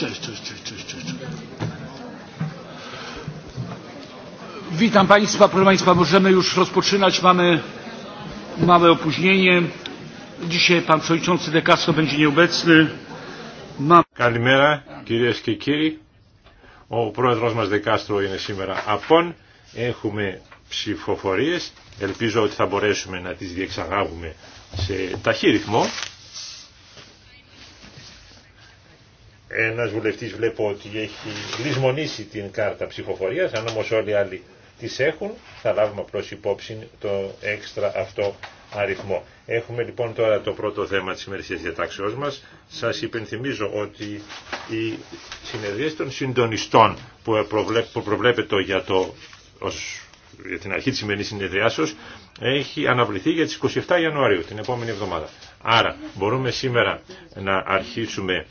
Cześć, cześć, cześć, cześć, Witam Państwa, proszę Państwa, możemy już rozpoczynać, mamy małe opóźnienie. Dzisiaj Pan Przewodniczący De Castro będzie nieobecny. Mam... Καλημέρα κυρίε και κύριοι. Ο πρόεδρος μας Δεκάστρο είναι σήμερα απόν. Έχουμε ψηφοφορίε. Ελπίζω ότι θα μπορέσουμε να τι διεξαγάγουμε σε ταχύ ρυθμό. Ένα βουλευτή βλέπω ότι έχει λησμονήσει την κάρτα ψηφοφορία, αν όμω όλοι οι άλλοι τι έχουν, θα λάβουμε απλώ υπόψη το έξτρα αυτό αριθμό. Έχουμε λοιπόν τώρα το πρώτο θέμα τη σημερινής διατάξεώ μα. Σα υπενθυμίζω ότι οι συνεδρίες των συντονιστών που, προβλέπεται για, το, ως, την αρχή τη σημερινή συνεδριάσεω έχει αναβληθεί για τι 27 Ιανουαρίου, την επόμενη εβδομάδα. Άρα μπορούμε σήμερα να αρχίσουμε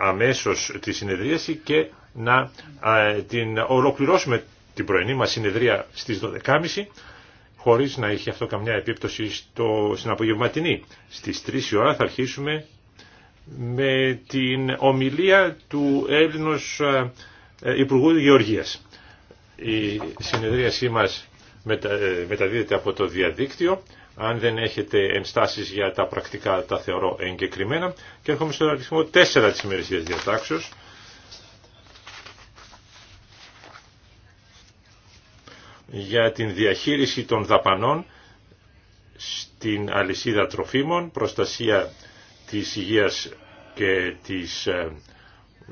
αμέσως τη συνεδρίαση και να την ολοκληρώσουμε την πρωινή μας συνεδρία στις 12.30 χωρίς να έχει αυτό καμιά επίπτωση στο, στην απογευματινή. Στις 3 η ώρα θα αρχίσουμε με την ομιλία του Έλληνος Υπουργού Γεωργίας. Η συνεδρίασή μας ε, μεταδίδεται από το διαδίκτυο. Αν δεν έχετε ενστάσεις για τα πρακτικά τα θεωρώ εγκεκριμένα. Και έρχομαι στον αριθμό 4 της ημερησίας διατάξεως. για την διαχείριση των δαπανών στην αλυσίδα τροφίμων, προστασία της υγείας και, της, ε,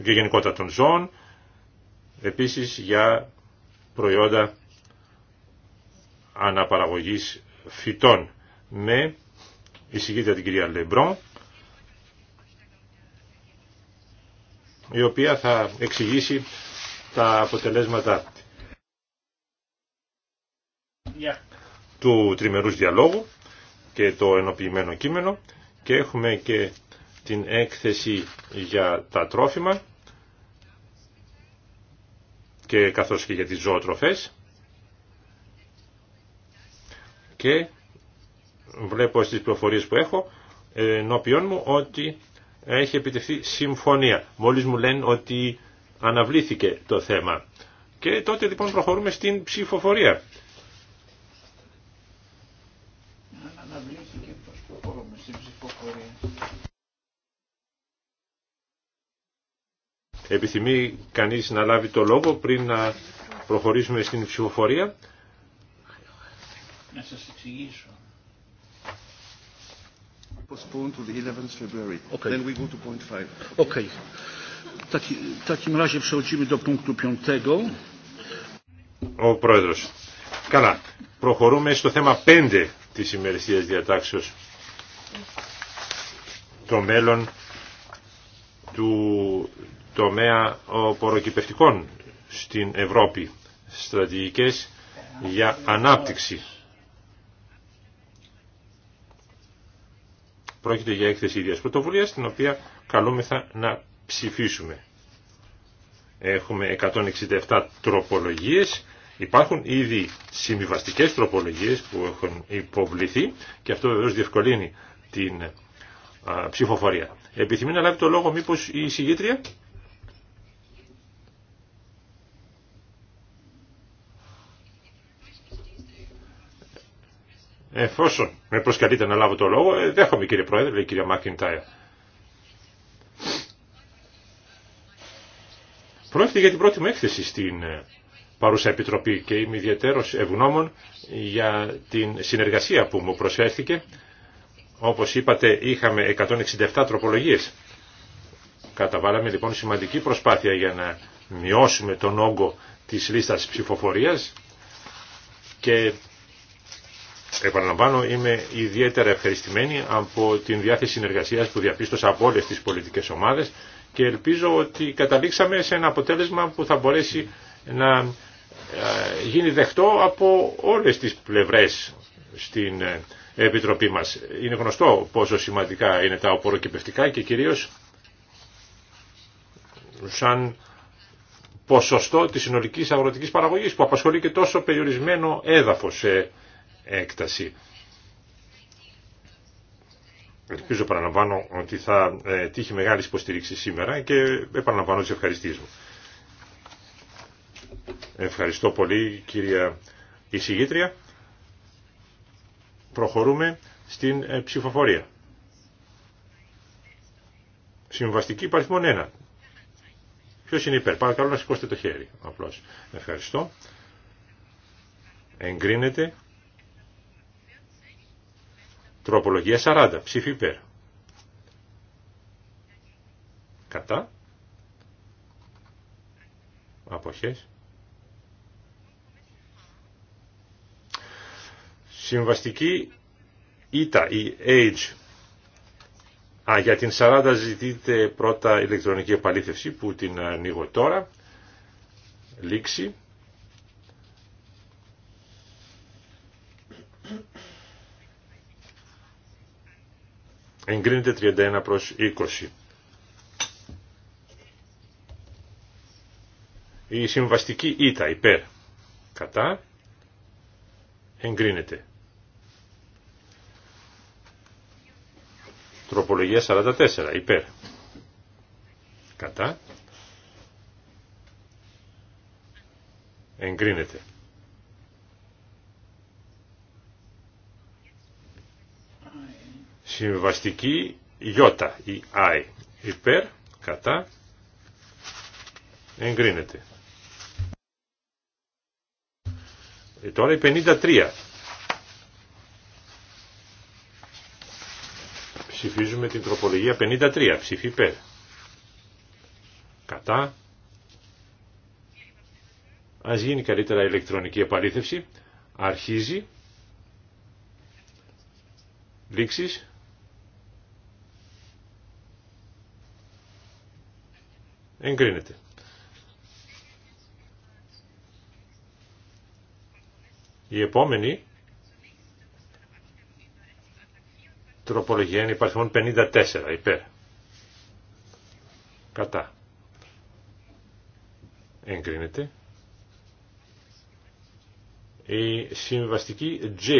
και γενικότητα των ζώων, επίσης για προϊόντα αναπαραγωγής φυτών με ναι, εισηγήτρια την κυρία Λεμπρό η οποία θα εξηγήσει τα αποτελέσματα του τριμερούς διαλόγου και το ενοποιημένο κείμενο και έχουμε και την έκθεση για τα τρόφιμα και καθώς και για τις ζωοτροφές και βλέπω στις προφορίες που έχω ενώπιον μου ότι έχει επιτευχθεί συμφωνία. Μόλις μου λένε ότι αναβλήθηκε το θέμα. Και τότε λοιπόν προχωρούμε στην ψηφοφορία. Επιθυμεί κανείς να λάβει το λόγο πριν να προχωρήσουμε στην ψηφοφορία. Να σας εξηγήσω. Ο Πρόεδρος. Καλά. Προχωρούμε στο θέμα 5 της ημερησίας διατάξεως. Το μέλλον του τομέα ποροκυπευτικών στην Ευρώπη. Στρατηγικές για ανάπτυξη. Πρόκειται για έκθεση ίδιας πρωτοβουλίας, την οποία καλούμεθα να ψηφίσουμε. Έχουμε 167 τροπολογίες, υπάρχουν ήδη συμβιβαστικέ τροπολογίες που έχουν υποβληθεί και αυτό βεβαίως διευκολύνει την ψηφοφορία. Επιθυμεί να λάβει το λόγο μήπως η συγγήτρια. Εφόσον με προσκαλείτε να λάβω το λόγο, ε, δέχομαι κύριε Πρόεδρε, λέει η κυρία Μάκιντάιρ. Πρόκειται για την πρώτη μου έκθεση στην ε, παρούσα επιτροπή και είμαι ιδιαίτερο ευγνώμων για την συνεργασία που μου προσφέρθηκε. Όπως είπατε είχαμε 167 τροπολογίες. Καταβάλαμε λοιπόν σημαντική προσπάθεια για να μειώσουμε τον όγκο της λίστας ψηφοφορίας και Επαναλαμβάνω, είμαι ιδιαίτερα ευχαριστημένη από την διάθεση συνεργασίας που διαπίστωσα από όλε τις πολιτικές ομάδες και ελπίζω ότι καταλήξαμε σε ένα αποτέλεσμα που θα μπορέσει να ε, γίνει δεχτό από όλες τις πλευρές στην ε, Επιτροπή μας. Είναι γνωστό πόσο σημαντικά είναι τα οποροκυπευτικά και κυρίως σαν ποσοστό της συνολικής αγροτικής παραγωγής που απασχολεί και τόσο περιορισμένο έδαφος έκταση. Ελπίζω, παραλαμβάνω, ότι θα ε, τύχει μεγάλη υποστήριξη σήμερα και επαναλαμβάνω τις ευχαριστήσεις μου. Ευχαριστώ πολύ, κυρία εισηγήτρια. Προχωρούμε στην ε, ψηφοφορία. Συμβαστική υπαριθμόν 1. Ποιος είναι υπέρ. Παρακαλώ να σηκώσετε το χέρι. Απλώς. Ευχαριστώ. Εγκρίνεται. Τροπολογία 40. Ψήφι υπέρ. Κατά. Αποχές. Συμβαστική ήττα ή age. Α, για την 40 ζητείτε πρώτα ηλεκτρονική επαλήθευση που την ανοίγω τώρα. Λήξη. Εγκρίνεται 31 προς 20. Η συμβαστική ήττα υπέρ κατά εγκρίνεται. Τροπολογία 44 υπέρ κατά εγκρίνεται. Συμβαστική Ι ή I. Υπέρ, κατά, εγκρίνεται. Ε, τώρα η 53. Ψηφίζουμε την τροπολογία 53. Ψήφι υπέρ. Κατά. Ας γίνει καλύτερα ηλεκτρονική επαλήθευση. Αρχίζει. Λήξεις. Εγκρίνεται. Η επόμενη τροπολογία είναι υπαριθμών 54 υπέρ. Κατά. Εγκρίνεται. Η συμβαστική J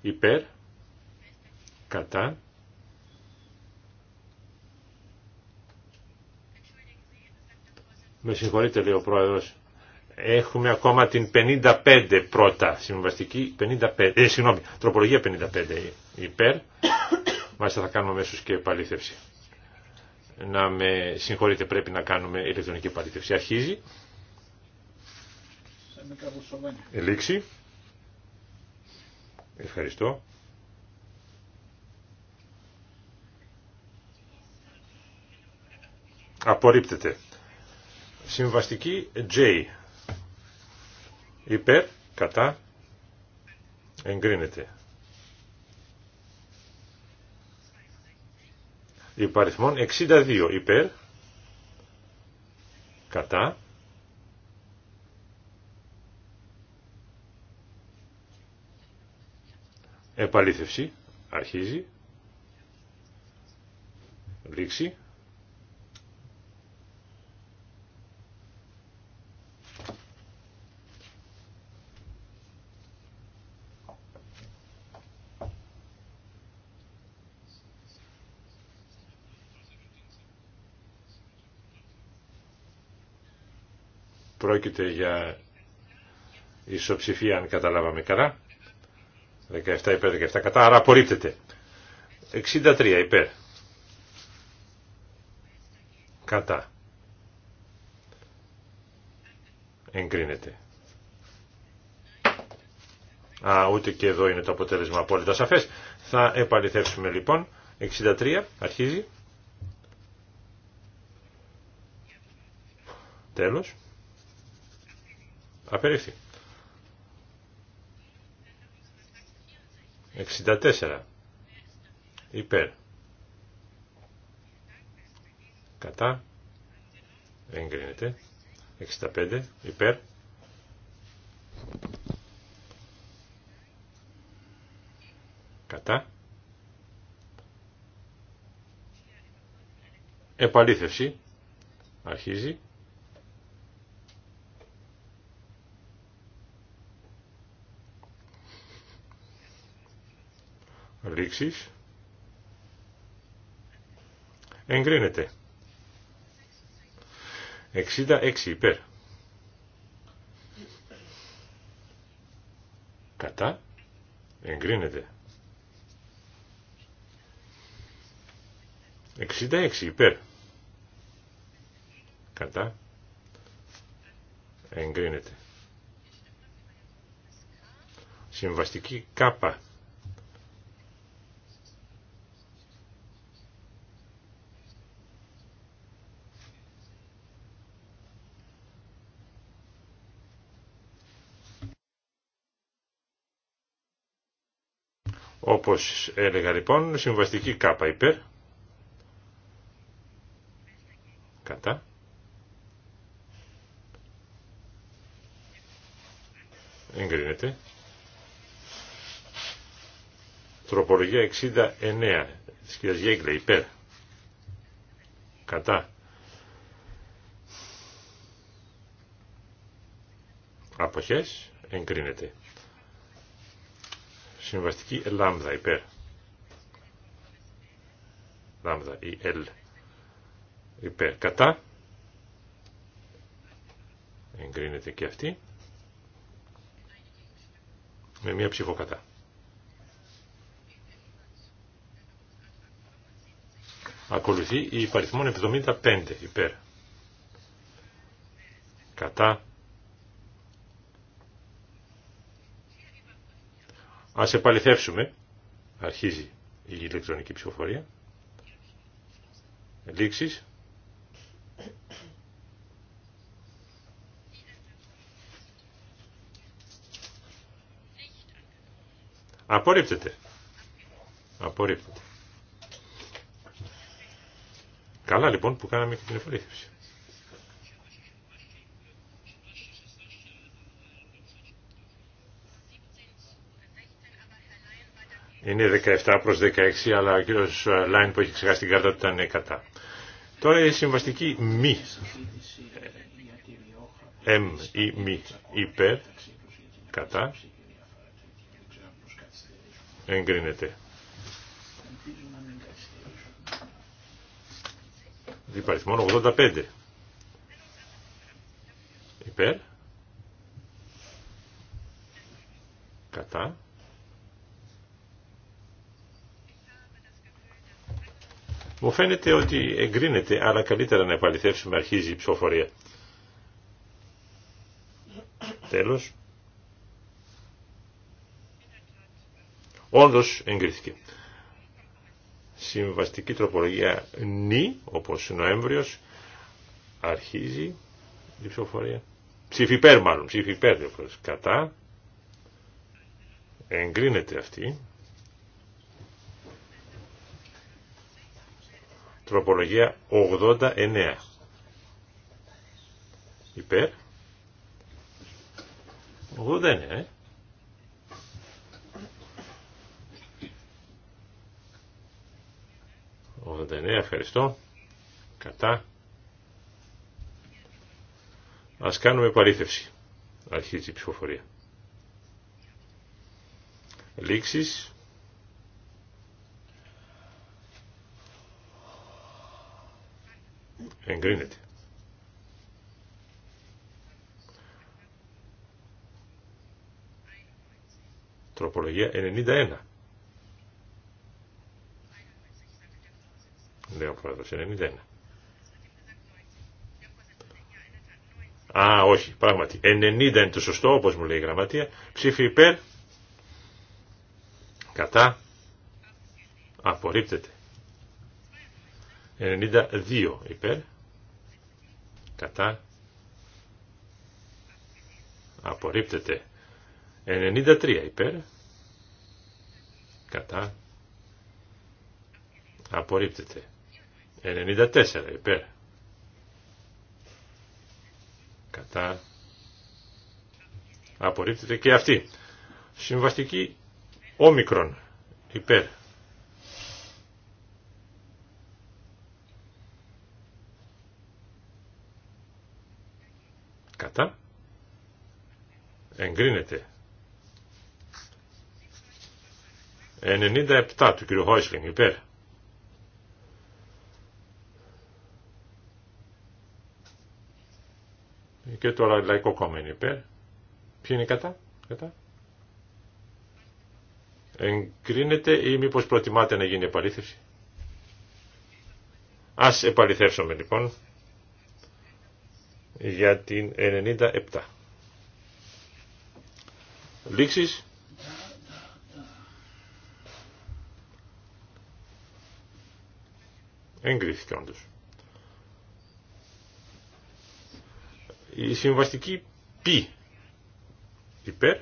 υπέρ. Κατά. Με συγχωρείτε λέει ο πρόεδρος. Έχουμε ακόμα την 55 πρώτα συμβαστική, 55, ε, συγγνώμη, τροπολογία 55 υπέρ. Μάλιστα θα κάνουμε αμέσως και επαλήθευση. Να με συγχωρείτε πρέπει να κάνουμε ηλεκτρονική επαλήθευση. Αρχίζει. Ελήξη. Ευχαριστώ. Απορρίπτεται. Συμβαστική J. Υπέρ, κατά, εγκρίνεται. Υπαριθμών 62 υπέρ, κατά, επαλήθευση, αρχίζει, λήξη, πρόκειται για ισοψηφία αν καταλάβαμε καλά. 17 υπέρ, 17 κατά, άρα απορρίπτεται. 63 υπέρ. Κατά. Εγκρίνεται. Α, ούτε και εδώ είναι το αποτέλεσμα απόλυτα σαφές. Θα επαληθεύσουμε λοιπόν. 63 αρχίζει. Τέλος. Απερίφθη. 64. Υπέρ. Κατά. Εγκρίνεται. 65. Υπέρ. Κατά. Επαλήθευση. Αρχίζει. εγκρίνεται Εγκρίνεται. 66 υπέρ. Κατά. Εγκρίνεται. 66 υπέρ. Κατά. Εγκρίνεται. Συμβαστική κάπα Όπως έλεγα λοιπόν, συμβαστική κάπα υπέρ. Κατά. Εγκρίνεται. Τροπολογία 69 της υπέρ. Κατά. Αποχές εγκρίνεται. Συμβαστική λάμδα υπέρ. Λάμδα ή L υπέρ. Κατά. Εγκρίνεται και αυτή. Με μία ψήφο κατά. Ακολουθεί η ελ υπερ κατα εγκρινεται και αυτη με μια ψηφοκατά ακολουθει η υπαριθμον 75 υπέρ. Κατά. Ας επαληθεύσουμε. Αρχίζει η ηλεκτρονική ψηφοφορία. Λήξεις. Απορρίπτεται. Απορρίπτεται. Καλά λοιπόν που κάναμε και την επαληθεύση. Είναι 17 προς 16, αλλά ο κύριος Λάιν που έχει ξεχάσει την κάρτα του ήταν κατά. Τώρα η συμβαστική μη. Ε, μ ή μη υπέρ, κατά, εγκρίνεται. μόνο 85. Υπέρ. Κατά. Μου φαίνεται ότι εγκρίνεται, αλλά καλύτερα να επαληθεύσουμε αρχίζει η ψηφοφορία. Τέλος. Όντως εγκρίθηκε. Συμβαστική τροπολογία νη, όπως Νοέμβριος, αρχίζει η ψηφοφορία. ψηφιπέρ μάλλον, ψήφι υπέρ, κατά. Εγκρίνεται αυτή. Τροπολογία 89. Υπέρ. 89, ε. ευχαριστώ. Κατά. Ας κάνουμε παρήθευση. Αρχίζει η ψηφοφορία. Λήξεις. Εγκρίνεται. Τροπολογία 91. Λέω πρόεδρο 91. Α, όχι, πράγματι. 90 είναι το σωστό, όπως μου λέει η γραμματεία. Ψήφι υπέρ. Κατά. Απορρίπτεται. 92 υπέρ κατά απορρίπτεται 93 υπέρ κατά απορρίπτεται 94 υπέρ κατά απορρίπτεται και αυτή συμβαστική όμικρον υπέρ Εγκρίνεται. 97 του κ. Χόισλινγκ υπέρ. Και τώρα λαϊκό κόμμα είναι υπέρ. Ποιοι είναι κατά. κατά. Εγκρίνεται ή μήπως προτιμάτε να γίνει επαλήθευση. Ας επαληθεύσουμε λοιπόν για την 97 λήξης. Εγκρίθηκε όντως. Η συμβαστική π υπέρ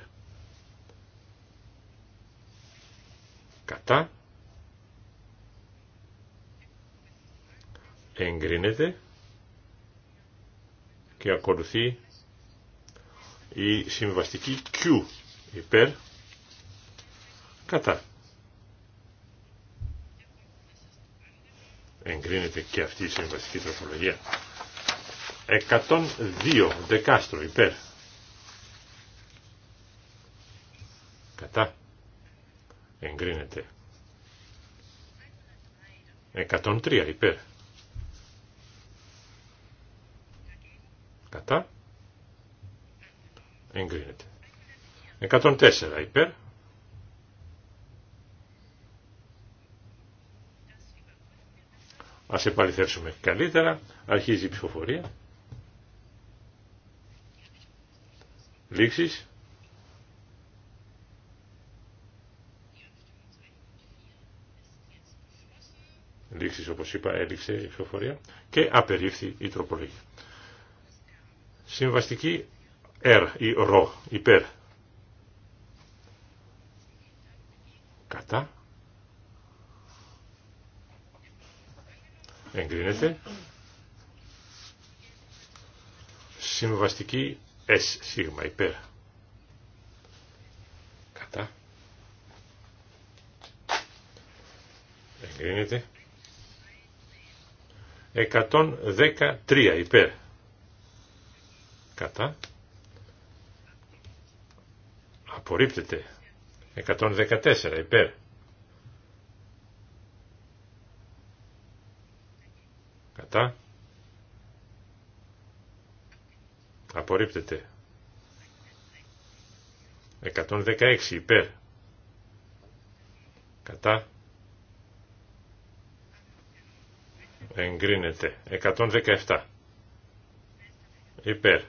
κατά εγκρίνεται και ακολουθεί η συμβαστική Q υπέρ, κατά. Εγκρίνεται και αυτή η συμβαστική τροπολογία. 102 δεκάστρο υπέρ. Κατά. Εγκρίνεται. 103 υπέρ. Κατά. Εγκρίνεται. 104 υπέρ. Ας επαληθεύσουμε καλύτερα. Αρχίζει η ψηφοφορία. Λήξεις. Λήξεις όπως είπα έληξε η ψηφοφορία και απερίφθη η τροπολογία. Συμβαστική R ή ρο υπέρ Κατά. Εγκρίνεται. Συμβαστική S σίγμα υπέρ. Κατά. Εγκρίνεται. 113 υπέρ. Κατά. Απορρίπτεται. 114 υπέρ. Κατά. Απορρίπτεται. 116 υπέρ. Κατά. Εγκρίνεται. 117 υπέρ.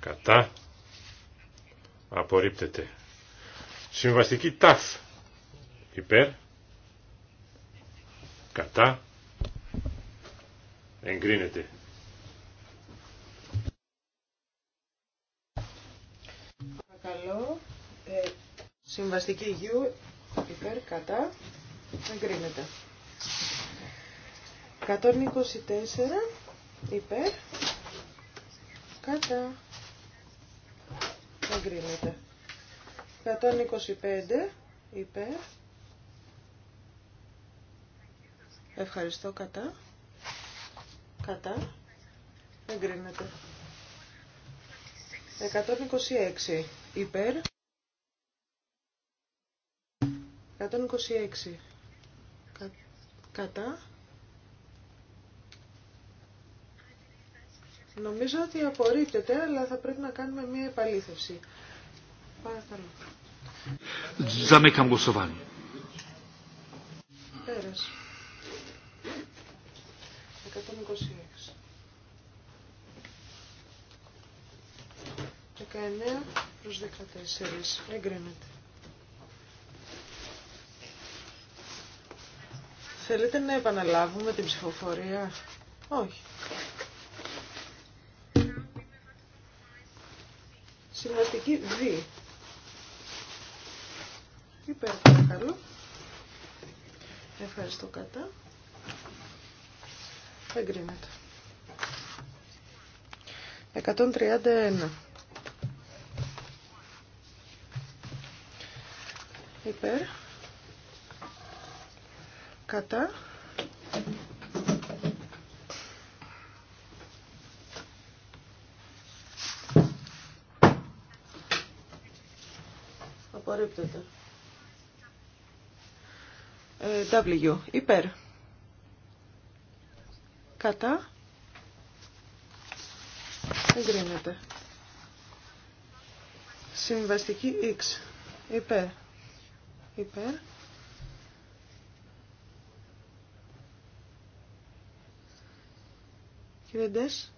Κατά απορρίπτεται. Συμβαστική ταφ υπέρ κατά εγκρίνεται. Παρακαλώ, ε, συμβαστική γιου υπέρ κατά εγκρίνεται. 124 υπέρ κατά εγκρίνεται. 125 υπέρ. Ευχαριστώ κατά. Κατά. Εγκρίνεται. 126 υπέρ. 126 κατά. Νομίζω ότι απορρίπτεται, αλλά θα πρέπει να κάνουμε μία επαλήθευση. Παρακαλώ. Zamykam głosowanie. Teraz. 126. 19 προς 14. Εγκρίνεται. Θέλετε να επαναλάβουμε την ψηφοφορία. Όχι. Συμβαστική Β. Υπέρ παρακαλώ. Ευχαριστώ κατά. Εγκρίνεται. 131. Υπέρ. Κατά. απαραίτητα. Ε, w. Υπέρ. Κατά. Εγκρίνεται. Συμβαστική X. Υπέρ. Υπέρ. Κύριε Ντες.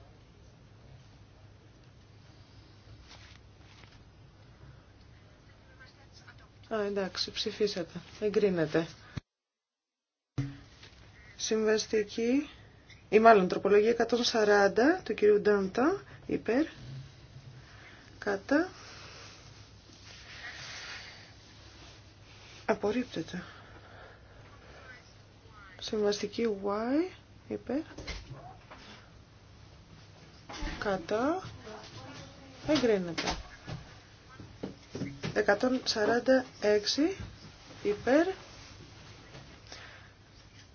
Α, εντάξει, ψηφίσατε. Εγκρίνεται. Συμβαστική, ή μάλλον τροπολογία 140 του κυρίου Ντάντα, υπέρ, κατά, απορρίπτεται. Συμβαστική Y, υπέρ, κατά, εγκρίνεται. 146 υπέρ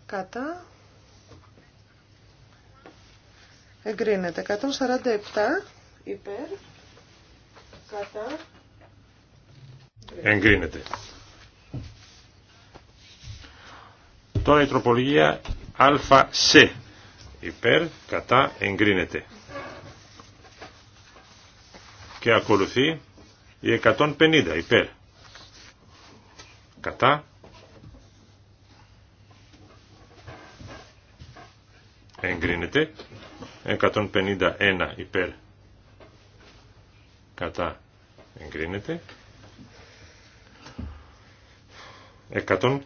κατά εγκρίνεται 147 υπέρ κατά εγκρίνεται τώρα η τροπολογία ΑΣ υπέρ κατά εγκρίνεται και ακολουθεί η 150 υπέρ. Κατά. Εγκρίνεται. 151 υπέρ. Κατά. Εγκρίνεται. 155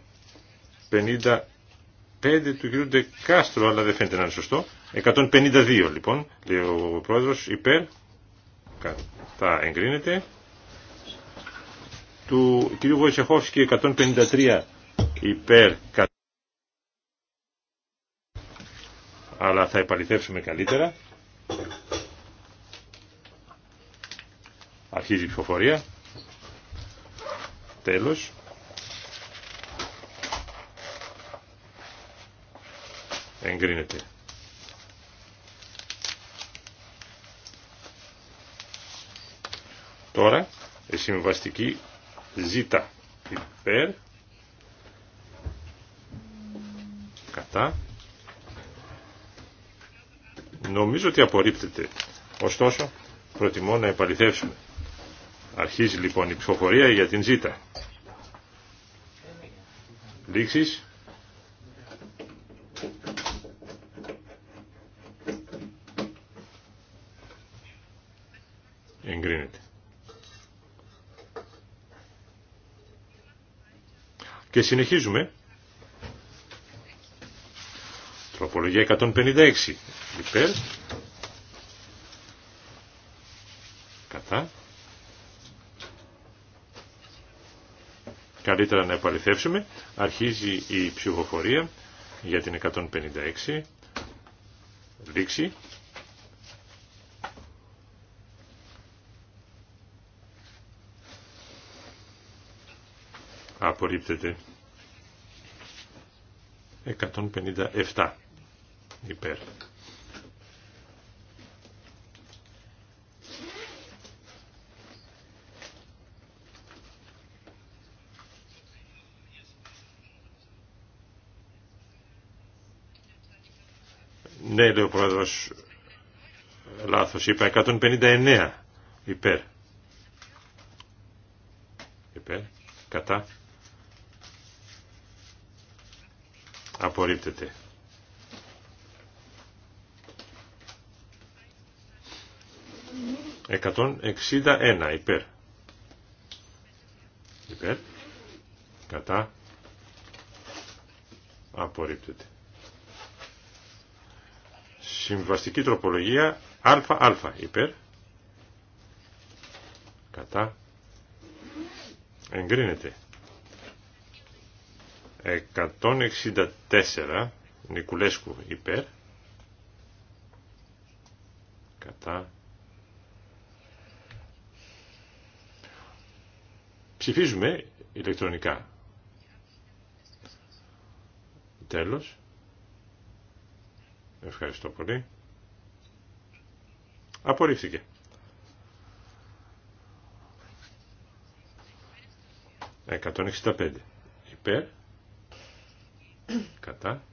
του κ. Ντεκάστρο, αλλά δεν φαίνεται να είναι σωστό. 152 λοιπόν, λέει ο πρόεδρος, υπέρ, κατά εγκρίνεται του κ. και 153 υπέρ κατά. αλλά θα επαληθεύσουμε καλύτερα. Αρχίζει η ψηφοφορία. Τέλος. Εγκρίνεται. Τώρα η συμβαστική Ζήτα υπέρ κατά νομίζω ότι απορρίπτεται ωστόσο προτιμώ να επαληθεύσουμε αρχίζει λοιπόν η ψηφοφορία για την ζήτα λήξεις Και συνεχίζουμε. Τροπολογία 156. Υπέρ. Κατά. Καλύτερα να επαληθεύσουμε. Αρχίζει η ψηφοφορία για την 156. Λήξη. απορρίπτεται. 157 υπέρ. Ναι, λέει ο πρόεδρος, λάθος, είπα 159 υπέρ. Υπέρ, κατά, Εκατόν εξήντα ένα υπέρ. Υπέρ. Κατά. Απορρίπτεται. Συμβαστική τροπολογία ΑΑ υπέρ. Κατά. Εγκρίνεται. 164 Νικουλέσκου υπέρ κατά ψηφίζουμε ηλεκτρονικά τέλος ευχαριστώ πολύ απορρίφθηκε Εκατόν εξήντα πέντε. υπέρ Κατά.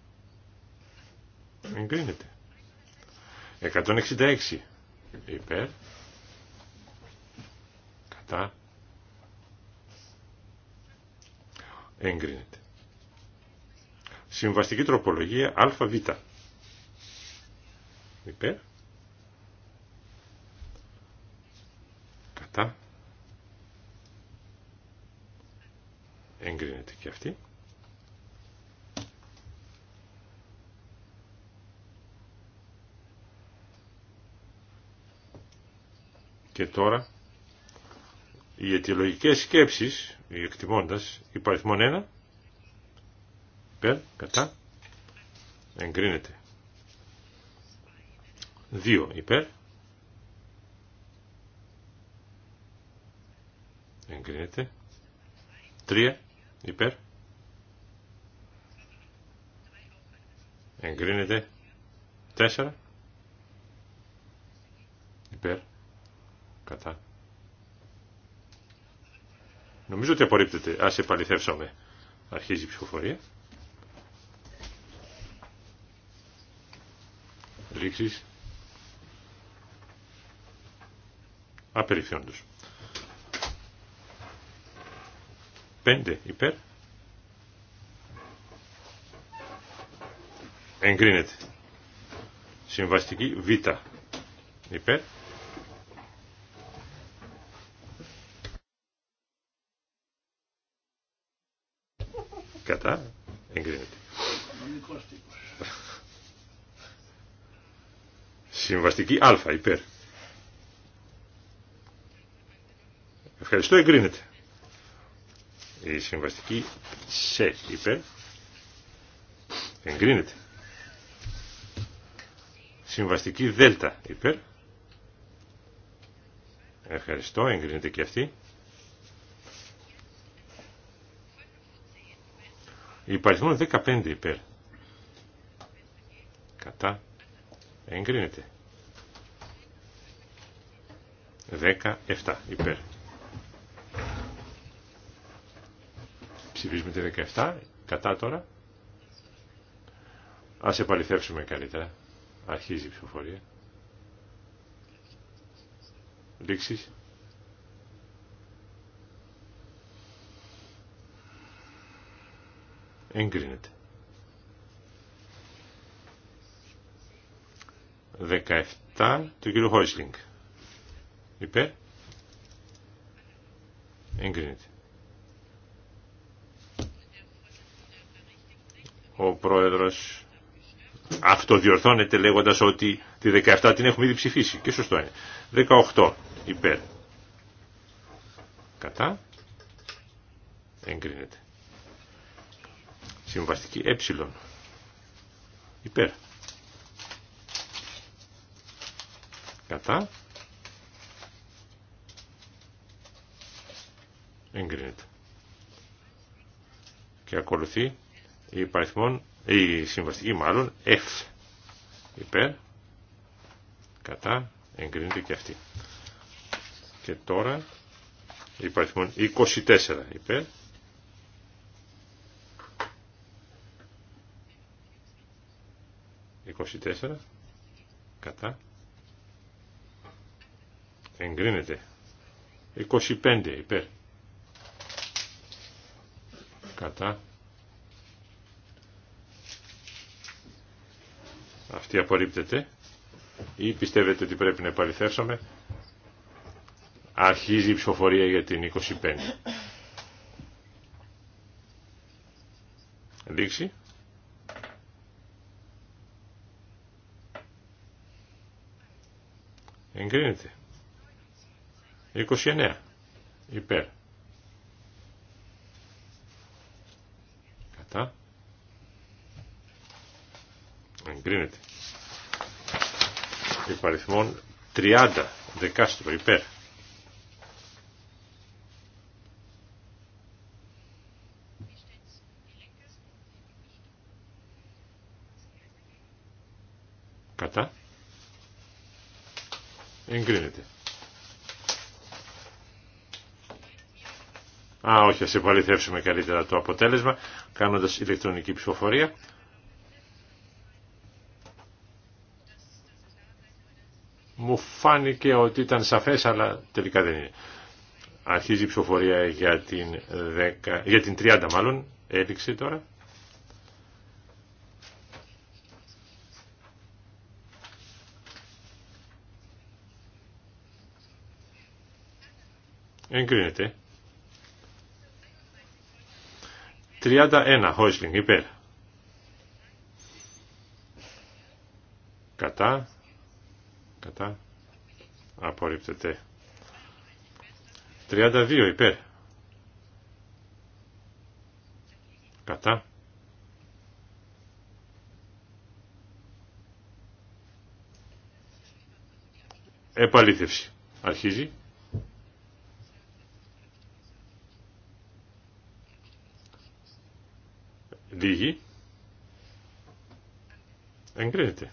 Εγκρίνεται. 166 υπέρ. Κατά. Εγκρίνεται. Συμβαστική τροπολογία ΑΒ. Υπέρ. Κατά. Εγκρίνεται και αυτή. Και τώρα οι αιτιολογικές σκέψεις, οι εκτιμώντας, υπαριθμόν ένα, υπέρ, κατά, εγκρίνεται. δύο, υπέρ, εγκρίνεται. τρία, υπέρ, εγκρίνεται. τέσσερα, υπέρ, Κατά. Νομίζω ότι απορρίπτεται. Ας επαληθεύσουμε. Αρχίζει η ψηφοφορία. Λήξεις. απεριφθιόντως 5 υπέρ. Εγκρίνεται. Συμβαστική Β. Υπέρ. Εγκρίνεται. Συμβαστική α υπέρ. Ευχαριστώ. Εγκρίνεται. Η συμβαστική σε υπέρ. Εγκρίνεται. Συμβαστική δέλτα υπέρ. Ευχαριστώ. Εγκρίνεται και αυτή. Υπαριθμόν 15 υπέρ. Κατά. Εγκρίνεται. 17 υπέρ. Ψηφίζουμε τη 17. Κατά τώρα. Ας επαληθεύσουμε καλύτερα. Αρχίζει η ψηφοφορία. Λήξεις. εγκρίνεται. 17 του κύριου Χόισλινγκ. Υπέρ. Εγκρίνεται. Ο πρόεδρος αυτοδιορθώνεται λέγοντας ότι τη 17 την έχουμε ήδη ψηφίσει. Και σωστό είναι. 18 υπέρ. Κατά. Εγκρίνεται. Συμβαστική ε. Υπέρ. Κατά. Εγκρίνεται. Και ακολουθεί η, παριθμόν, η συμβαστική ε, μάλλον F. Υπέρ. Κατά. Εγκρίνεται και αυτή. Και τώρα η παριθμόν 24 υπέρ. 24 κατά εγκρίνεται 25 υπέρ κατά αυτή απορρίπτεται ή πιστεύετε ότι πρέπει να επαληθεύσουμε αρχίζει η ψηφοφορία για την 25 λήξη Εγκρίνεται. 29. Υπέρ. Κατά. Εγκρίνεται. Υπαριθμών 30. Δεκάστρο. Υπέρ. και σε επαληθεύσουμε καλύτερα το αποτέλεσμα, κάνοντας ηλεκτρονική ψηφοφορία. Μου φάνηκε ότι ήταν σαφές, αλλά τελικά δεν είναι. Αρχίζει η ψηφοφορία για την, 10, για την 30 μάλλον, έδειξε τώρα. Εγκρίνεται. 31 Χόισλινγκ υπέρ. Κατά. Κατά. Απορρίπτεται. 32 υπέρ. Κατά. Επαλήθευση. Αρχίζει. λίγοι Εγκρίνεται.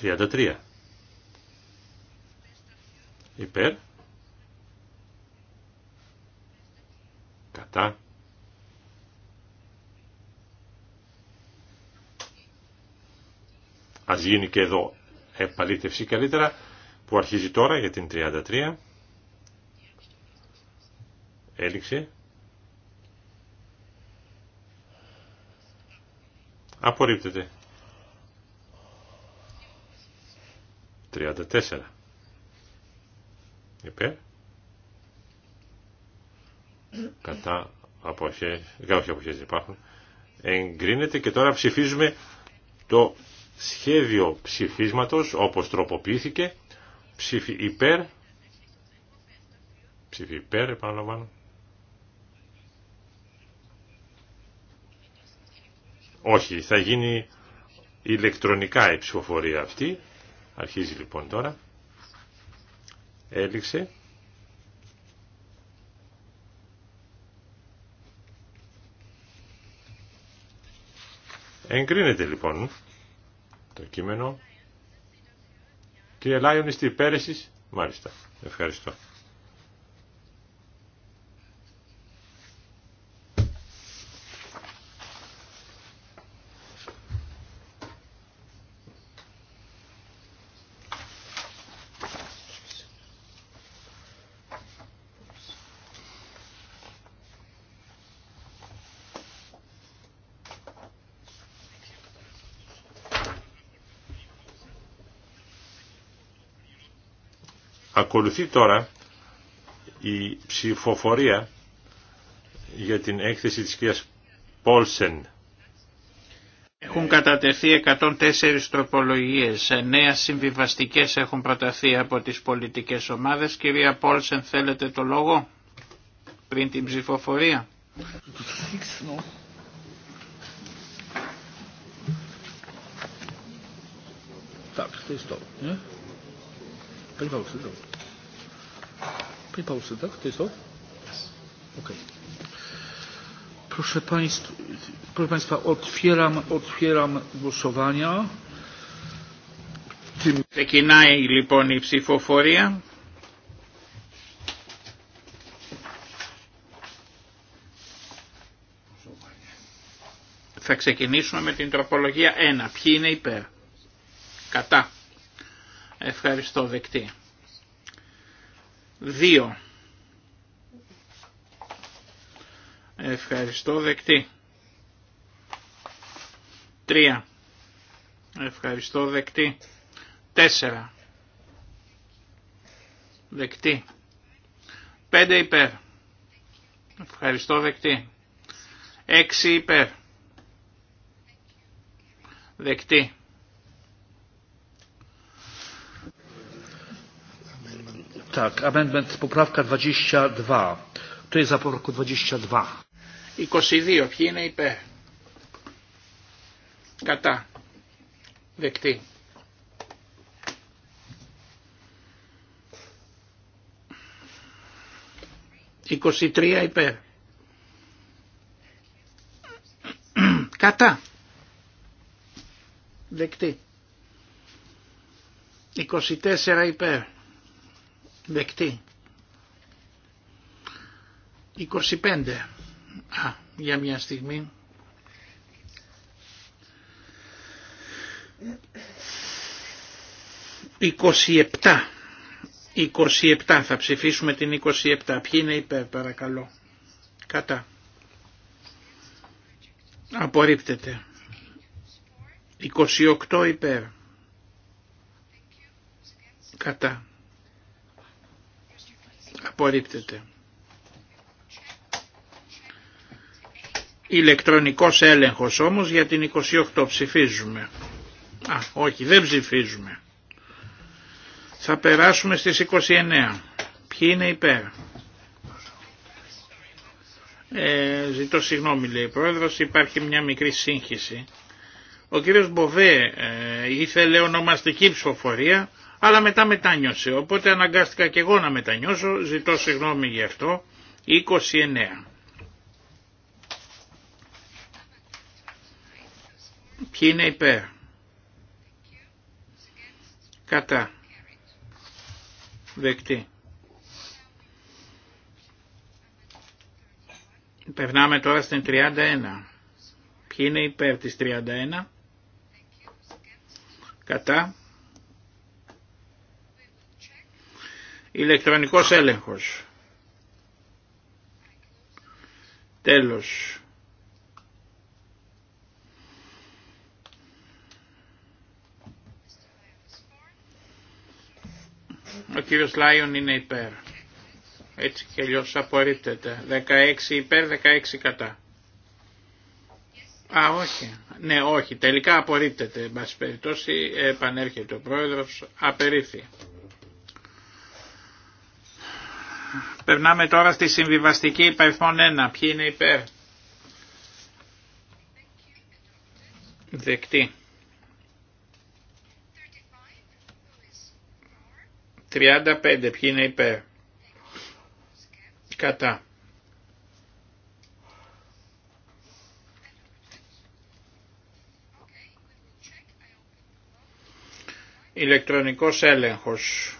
33. Υπέρ. Κατά. Ας γίνει και εδώ επαλήθευση καλύτερα που αρχίζει τώρα για την 33. Έληξε. Απορρίπτεται. 34. Υπέρ. Κατά αποχές. Όχι αποχές δεν υπάρχουν. Εγκρίνεται και τώρα ψηφίζουμε το σχέδιο ψηφίσματος όπως τροποποιήθηκε. Ψήφι υπέρ. Ψήφι υπέρ επαναλαμβάνω. Όχι, θα γίνει ηλεκτρονικά η ψηφοφορία αυτή. Αρχίζει λοιπόν τώρα. Έληξε. Εγκρίνεται λοιπόν το κείμενο. Και Λάιον, είστε υπέρ Μάλιστα. Ευχαριστώ. Ακολουθεί τώρα η ψηφοφορία για την έκθεση της κυρίας Πόλσεν. Έχουν κατατεθεί 104 τροπολογίες, 9 συμβιβαστικές έχουν προταθεί από τις πολιτικές ομάδες. Κυρία Πόλσεν θέλετε το λόγο πριν την ψηφοφορία. Так, Pre-posted, though. Pre-posted, tak? To jest to? Proszę Państwa, otwieram, otwieram głosowania. Ξεκινάει λοιπόν η ψηφοφορία. Θα ξεκινήσουμε με την τροπολογία 1. Ποιοι είναι υπέρ. Κατά. Ευχαριστώ δεκτή. Δύο. Ευχαριστώ δεκτή. Τρία. Ευχαριστώ δεκτή. Τέσσερα. Δεκτή. Πέντε υπέρ. Ευχαριστώ δεκτή. Έξι υπέρ. Δεκτή. Tak, amendment, poprawka 22. To jest za poprawką 22. 22. Ποιοι είναι υπέρ. Κατά. Δεκτή. Είκοσι τρία υπέρ. Κατά. Δεκτή. Είκοσι τέσσερα υπέρ. Δεκτή. 25. Α, για μια στιγμή. «27». 27 θα ψηφίσουμε την 27. Ποιοι είναι υπέρ παρακαλώ. Κατά. Απορρίπτεται. 28 υπέρ. Κατά. Απορρίπτεται. Ηλεκτρονικός έλεγχος όμως για την 28 ψηφίζουμε. Α, όχι, δεν ψηφίζουμε. Θα περάσουμε στις 29. Ποιοι είναι υπέρ. Ε, ζητώ συγγνώμη λέει η Πρόεδρος, υπάρχει μια μικρή σύγχυση. Ο κύριος Μποβέ ε, ήθελε ονομαστική ψηφοφορία, αλλά μετά μετάνιωσε. Οπότε αναγκάστηκα και εγώ να μετανιώσω, ζητώ συγγνώμη γι' αυτό, 29. Ποιοι είναι υπέρ. Κατά. Δεκτή. Περνάμε τώρα στην 31. Ποιοι είναι υπέρ της 31. Κατά. Ηλεκτρονικός έλεγχος. Τέλος. Ο κύριος Λάιον είναι υπέρ. Έτσι και αλλιώς απορρίπτεται. 16 υπέρ, 16 κατά. Α, όχι. Ναι, όχι. Τελικά απορρίπτεται. Εν πάση περιπτώσει επανέρχεται ο πρόεδρος. Απερίφθη. Περνάμε τώρα στη συμβιβαστική υπαριθμών 1. Ποιοι είναι υπέρ. Δεκτή. 35. Ποιοι είναι υπέρ. Κατά. Ηλεκτρονικός έλεγχος.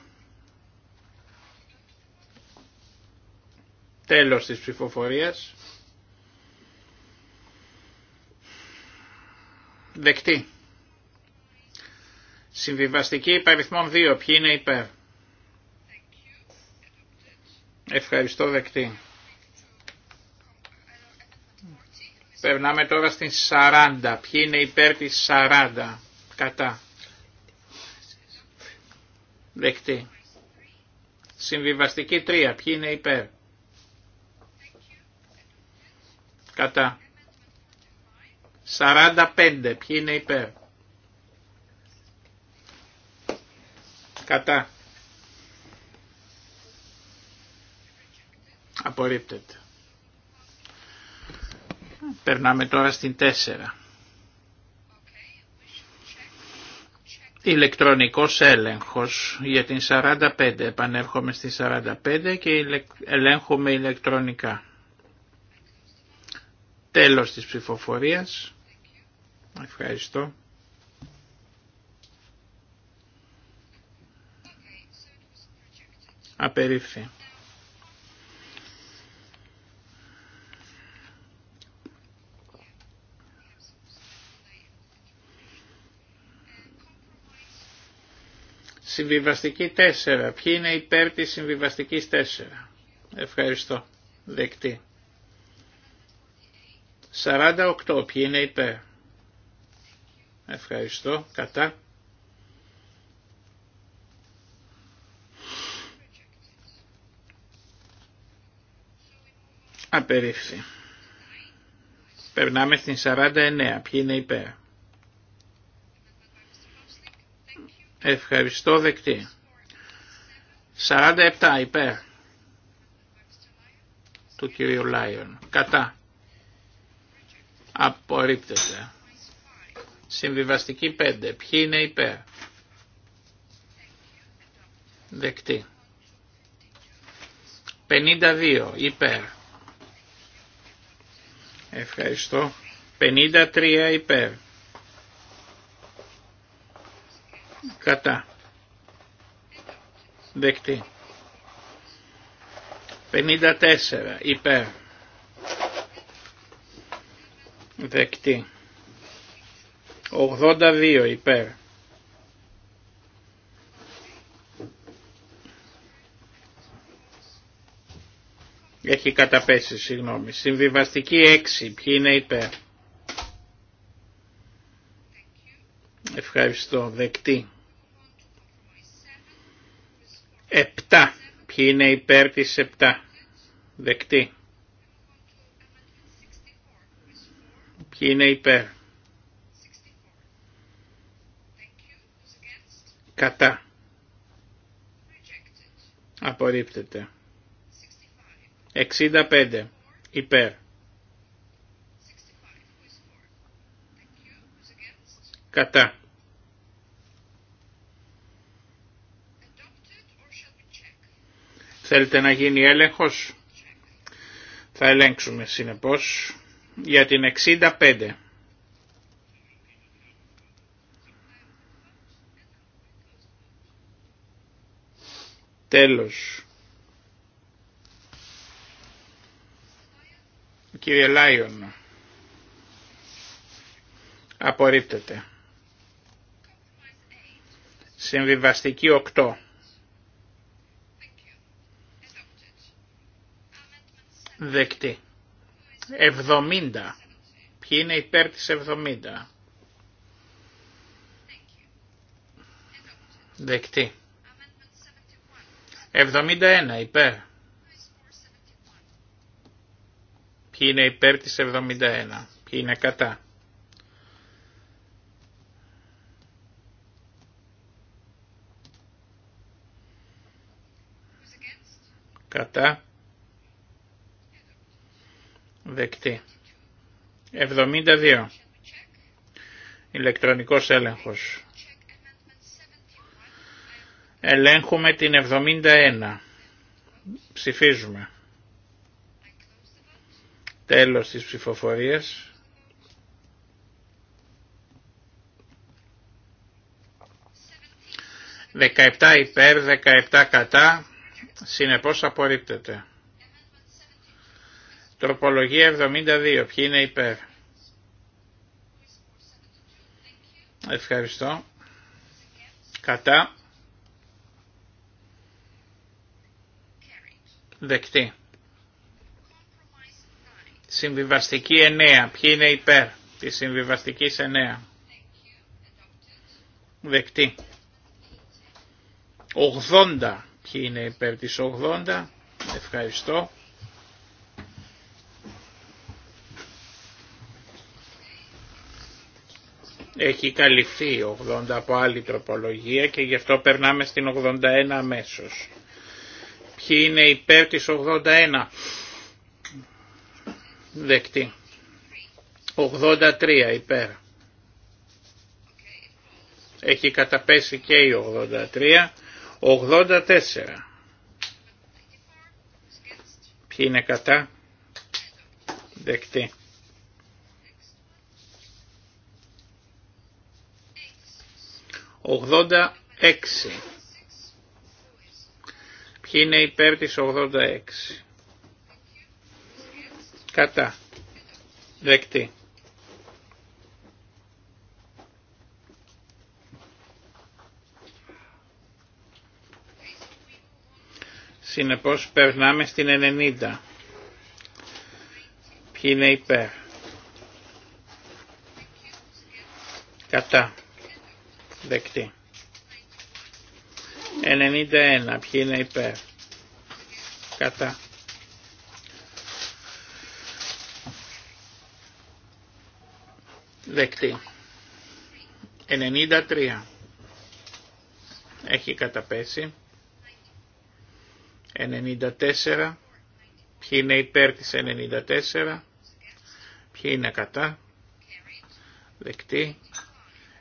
Τέλος της ψηφοφορίας. Δεκτή. Συμβιβαστική υπαριθμών 2. Ποιοι είναι υπέρ. Ευχαριστώ δεκτή. Περνάμε τώρα στην 40. Ποιοι είναι υπέρ της 40. Κατά. Δεκτή. Συμβιβαστική 3. Ποιοι είναι υπέρ. Κατά. 45. Ποιοι είναι υπέρ. Κατά. Απορρίπτεται. Περνάμε τώρα στην 4. Ηλεκτρονικός έλεγχος για την 45. Επανέρχομαι στη 45 και ελέγχουμε ηλεκτρονικά. Τέλος της ψηφοφορίας. Ευχαριστώ. Απερίφθη. Συμβιβαστική 4. Ποιοι είναι υπέρ τη συμβιβαστικής 4. Ευχαριστώ. Δεκτή. 48 ποιοι είναι υπέρ. Ευχαριστώ. Κατά. Απερίφθη. Περνάμε στην 49. Ποιοι είναι υπέρ. Ευχαριστώ δεκτή. 47 υπέρ του κυρίου Λάιον. Κατά. Απορρίπτεται. Συμβιβαστική 5. Ποιοι είναι υπέρ. Δεκτή. 52. Υπέρ. Ευχαριστώ. 53 υπέρ. Κατά. Δεκτή. 54 υπέρ δεκτή. 82 υπέρ. Έχει καταπέσει, συγγνώμη. Συμβιβαστική 6, ποιοι είναι υπέρ. Ευχαριστώ, δεκτή. 7, ποιοι είναι υπέρ της 7, δεκτή. Ποιοι είναι υπέρ. Κατά. Απορρίπτεται. 65. Υπέρ. Κατά. Θέλετε να γίνει έλεγχος. Θα ελέγξουμε συνεπώς για την 65. Τέλος. Κύριε Λάιον, απορρίπτεται. Συμβιβαστική 8. Δεκτή. 70. Ποιοι είναι υπέρ της 70. Δεκτή. 71 υπέρ. Ποιοι είναι υπέρ της 71. Ποιοι είναι κατά. Κατά. Δεκτή. 72. Ηλεκτρονικός έλεγχος. Ελέγχουμε την 71. Ψηφίζουμε. Τέλος της ψηφοφορίας. Δεκαεπτά υπέρ, 17 κατά, συνεπώς απορρίπτεται. Τροπολογία 72. Ποιοι είναι υπέρ. Ευχαριστώ. Κατά. Δεκτή. Συμβιβαστική 9. Ποιοι είναι υπέρ τη συμβιβαστική 9. Δεκτή. 80. Ποιοι είναι υπέρ τη 80. Ευχαριστώ. έχει καλυφθεί η 80 από άλλη τροπολογία και γι' αυτό περνάμε στην 81 αμέσως. Ποιοι είναι υπέρ της 81. Δεκτή. 83 υπέρ. Έχει καταπέσει και η 83. 84. Ποιοι είναι κατά. Δεκτή. 86. Ποιοι είναι υπέρ της 86. Κατά. Δεκτή. Συνεπώς περνάμε στην 90. Ποιοι είναι υπέρ. Κατά. Δεκτή. 91. Ποιοι είναι υπέρ. Κατά. Δεκτή. 93. Έχει καταπέσει. 94. Ποιοι είναι υπέρ της 94. Ποιοι είναι κατά. Δεκτή.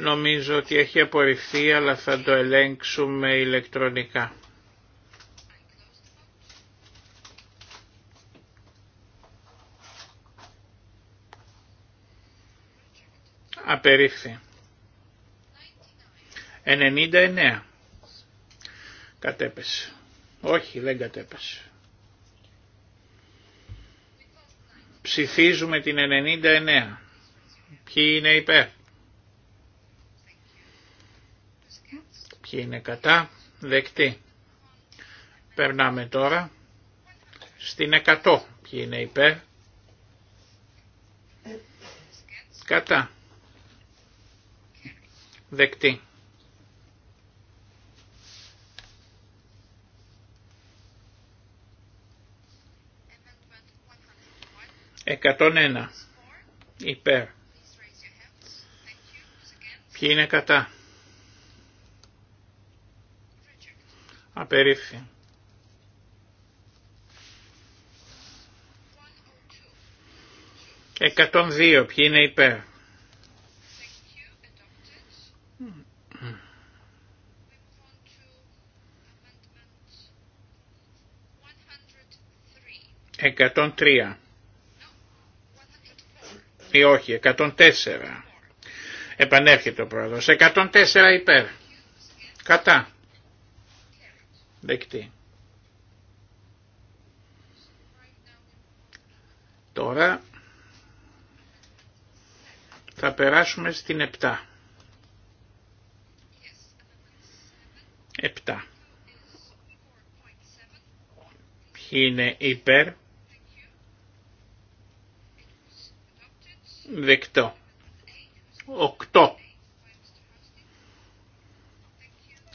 Νομίζω ότι έχει απορριφθεί αλλά θα το ελέγξουμε ηλεκτρονικά. Απερίφθη. 99. Κατέπεσε. Όχι, δεν κατέπεσε. Ψηφίζουμε την 99. Ποιοι είναι υπέρ. Ποιοι είναι κατά. Δεκτή. Περνάμε τώρα στην εκατό. Ποιοι είναι υπέρ. Κατά. Δεκτή. Εκατόν ένα. Υπέρ. Ποιοι είναι κατά. Απερίφθη. Εκατόν δύο, Ποιοι είναι υπέρ. Εκατόν τρία. Ή όχι, εκατόν τέσσερα. Επανέρχεται ο πρόεδρος. Εκατόν τέσσερα υπέρ. Κατά. Δεκτή. Τώρα θα περάσουμε στην 7. Ποιοι είναι υπέρ δεκτό. Οκτώ.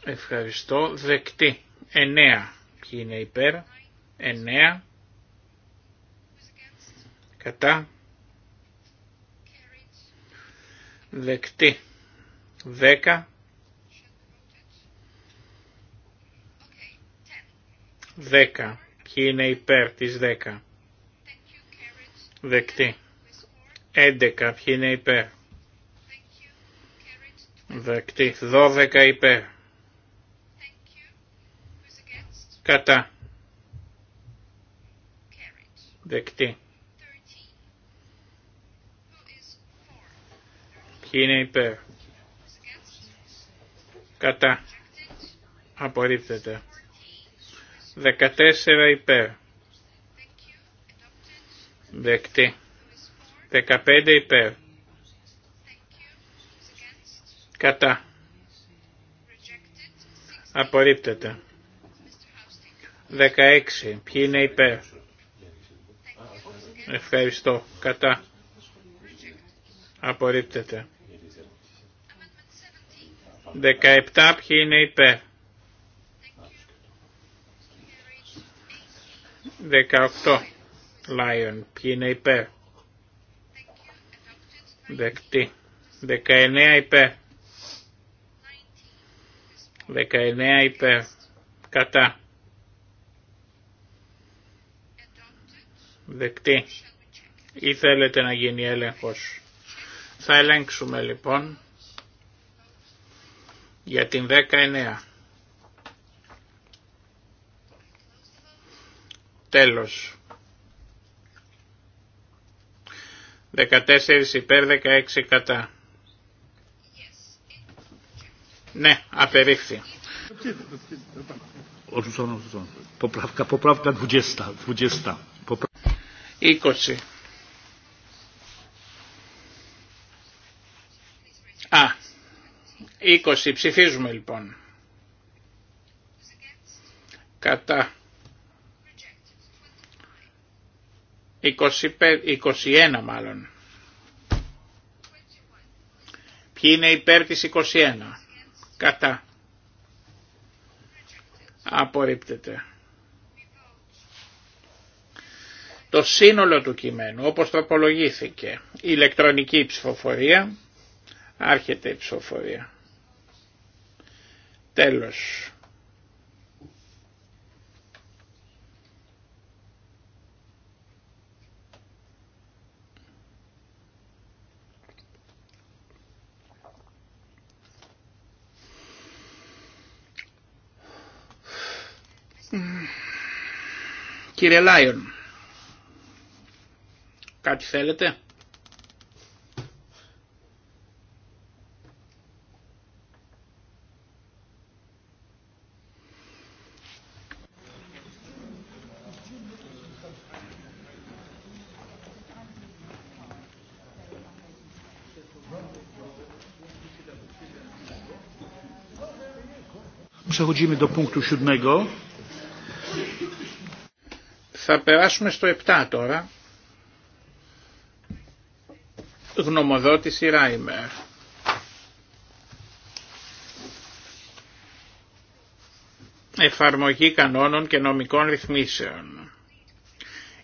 Ευχαριστώ. Δεκτή. 9. Ποιοι είναι υπέρ. 9. Κατά. Δεκτή. 10. 10. Ποιοι είναι υπέρ της 10. Δεκτή. 11. Ποιοι είναι υπέρ. Δεκτή. 12 υπέρ. κατά δεκτή. Ποιοι είναι υπέρ. Κατά. Απορρίπτεται. Δεκατέσσερα υπέρ. Δεκτή. Δεκαπέντε υπέρ. Κατά. Απορρίπτεται. 16. Ποιοι είναι υπέρ. Ευχαριστώ. Κατά. Απορρίπτεται. 17. Ποιοι είναι υπέρ. 18. λάιον Ποιοι είναι υπέρ. Δεκτή. 19 υπέρ. 19 υπέρ. Κατά. Δεκτή. Ή θέλετε να γίνει έλεγχος. Θα ελέγξουμε λοιπόν για την 19. Τέλος. 14 υπέρ 16 κατά. Ναι, απερίφθη. Poprawka, poprawka 20, 20. Poprawka. 20. Α, 20 ψηφίζουμε λοιπόν. Κατά. 21 μάλλον. Ποιοι είναι υπέρ της 21. Κατά. Απορρίπτεται. το σύνολο του κειμένου όπως το η Ηλεκτρονική ψηφοφορία, άρχεται η ψηφοφορία. Τέλος. Κύριε Λάιον. Κάτι θέλετε. Θα περάσουμε στο 7 τώρα. γνωμοδότηση Ράιμερ. Εφαρμογή κανόνων και νομικών ρυθμίσεων.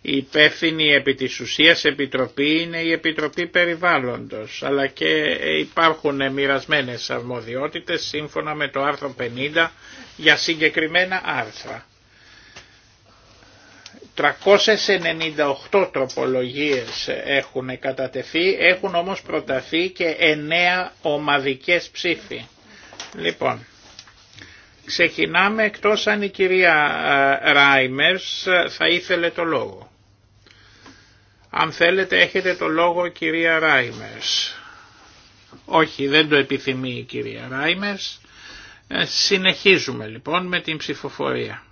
Η υπεύθυνη επί της ουσίας επιτροπή είναι η Επιτροπή Περιβάλλοντος, αλλά και υπάρχουν μοιρασμένε αρμοδιότητες σύμφωνα με το άρθρο 50 για συγκεκριμένα άρθρα. 398 τροπολογίες έχουν κατατεθεί, έχουν όμως προταθεί και 9 ομαδικές ψήφοι. Λοιπόν, ξεκινάμε εκτός αν η κυρία Ράιμερς θα ήθελε το λόγο. Αν θέλετε έχετε το λόγο κυρία Ράιμερς. Όχι, δεν το επιθυμεί η κυρία Ράιμερς. Ε, συνεχίζουμε λοιπόν με την ψηφοφορία.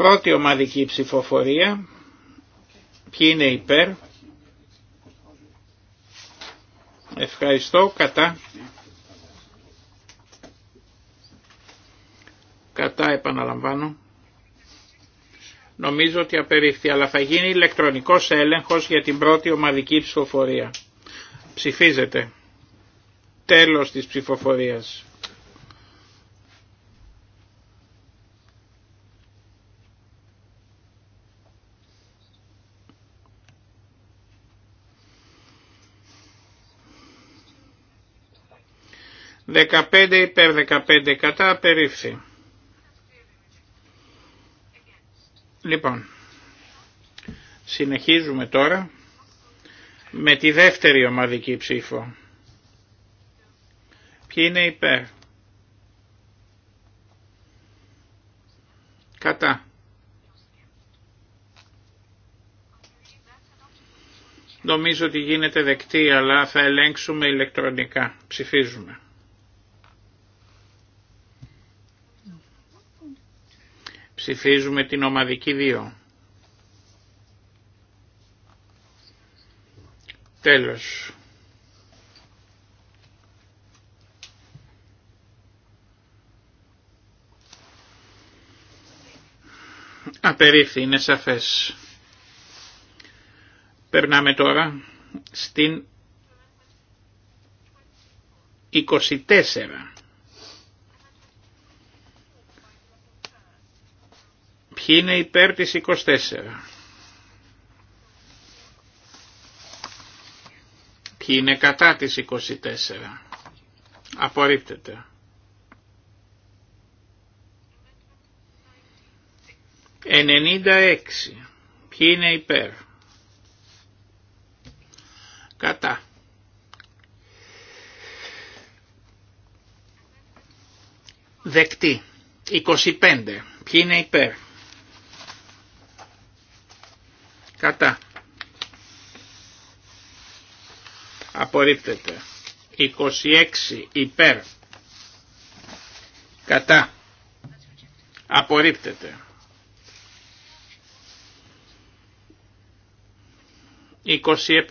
Πρώτη ομαδική ψηφοφορία. Ποιοι είναι υπέρ. Ευχαριστώ. Κατά. Κατά επαναλαμβάνω. Νομίζω ότι απερίφθη, αλλά θα γίνει ηλεκτρονικός έλεγχος για την πρώτη ομαδική ψηφοφορία. Ψηφίζεται. Τέλος της ψηφοφορίας. 15 υπέρ 15 κατά απερίφθη. Λοιπόν, συνεχίζουμε τώρα με τη δεύτερη ομαδική ψήφο. Ποιοι είναι υπέρ. Κατά. Νομίζω ότι γίνεται δεκτή αλλά θα ελέγξουμε ηλεκτρονικά. Ψηφίζουμε. Ψηφίζουμε την ομαδική 2. Τέλος. Απερίφθη, είναι σαφές. Περνάμε τώρα στην 24. Ποιοι είναι υπέρ της 24. Ποιοι είναι κατά της 24. Απορρίπτεται. 96. Ποιοι είναι υπέρ. Κατά. Δεκτή. 25. Ποιοι είναι υπέρ. Κατά. Απορρίπτεται. 26 υπέρ. Κατά. Απορρίπτεται.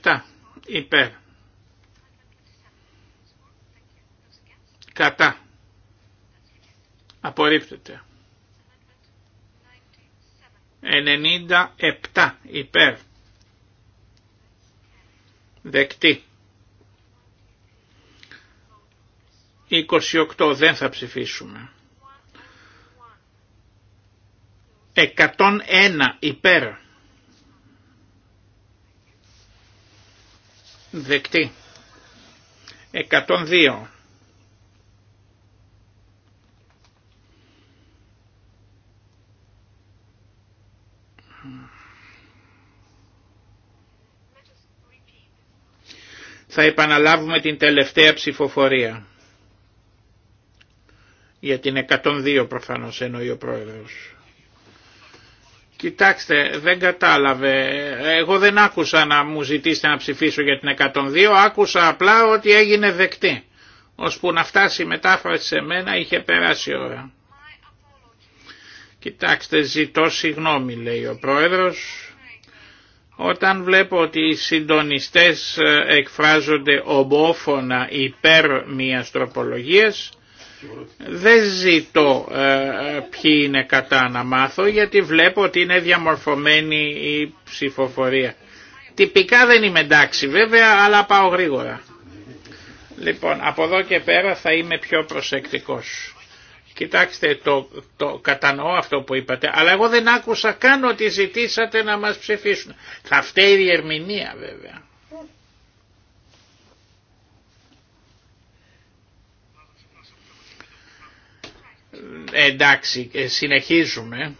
27 υπέρ. Κατά. Απορρίπτεται. 97 υπέρ. Δεκτή. 28 δεν θα ψηφίσουμε. 101 υπέρ. Δεκτή. 102 θα επαναλάβουμε την τελευταία ψηφοφορία. Για την 102 προφανώς εννοεί ο πρόεδρος. Κοιτάξτε, δεν κατάλαβε. Εγώ δεν άκουσα να μου ζητήσετε να ψηφίσω για την 102, άκουσα απλά ότι έγινε δεκτή. που να φτάσει η μετάφραση σε μένα είχε περάσει η ώρα. Κοιτάξτε, ζητώ συγγνώμη λέει ο πρόεδρος. Όταν βλέπω ότι οι συντονιστές ε, εκφράζονται ομόφωνα υπέρ μιας τροπολογίας, δεν ζητώ ε, ε, ποιοι είναι κατά να μάθω γιατί βλέπω ότι είναι διαμορφωμένη η ψηφοφορία. Τυπικά δεν είμαι εντάξει βέβαια αλλά πάω γρήγορα. Λοιπόν από εδώ και πέρα θα είμαι πιο προσεκτικός. Κοιτάξτε, το, το κατανοώ αυτό που είπατε, αλλά εγώ δεν άκουσα καν ότι ζητήσατε να μας ψηφίσουν. Θα φταίει η ερμηνεία βέβαια. εντάξει, ε, συνεχίζουμε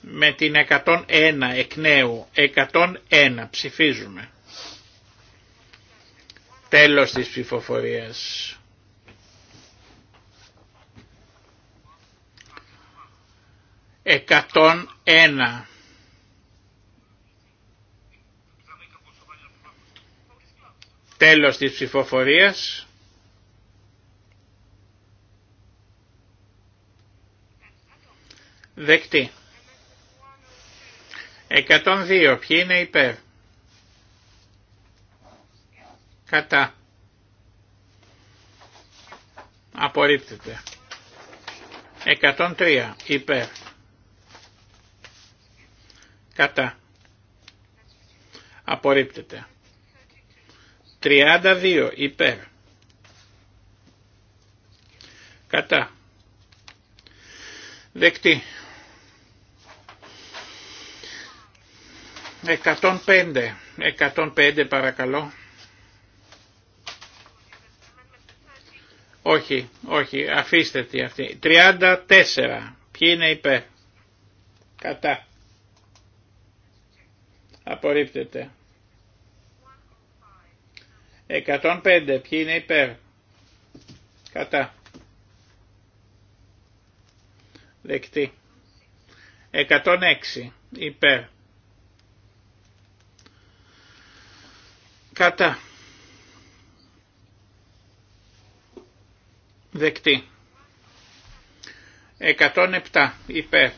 με την 101 εκ νέου, 101 ψηφίζουμε. Τέλος της ψηφοφορίας. 101. Τέλος της ψηφοφορίας. Δεκτή. 102. Ποιοι είναι υπέρ. Κατά. Απορρίπτεται. 103. Υπέρ. Κατά. Απορρίπτεται. 32 υπέρ. Κατά. Δεκτή. 105. 105 παρακαλώ. Όχι, όχι, αφήστε τη αυτή. 34. Ποιοι είναι υπέρ. Κατά. Απορρίπτεται. 105. Ποιοι είναι υπέρ. Κατά. Δεκτή. 106. Υπέρ. Κατά. Δεκτή. 107. Υπέρ.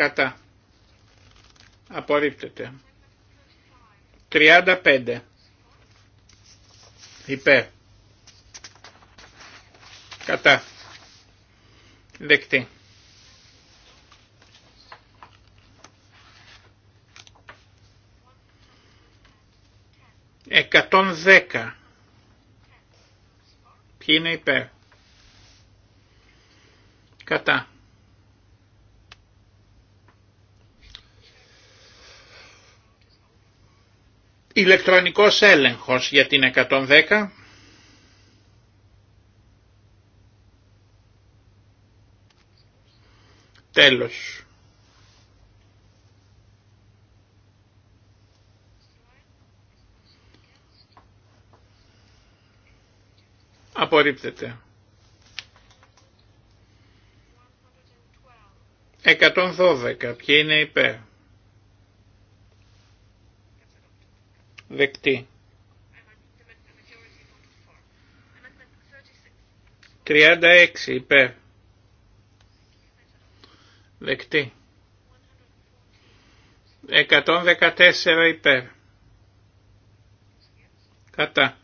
κατά απορρίπτεται 35 υπέρ κατά δεκτή εκατόν δέκα ποιοι είναι υπέρ κατά Ηλεκτρονικός έλεγχος για την 110. Τέλος. Απορρίπτεται. 112. Ποιοι είναι υπέρ. Δεκτή. 36 υπέρ. Δεκτή. 114 υπέρ. Κατά.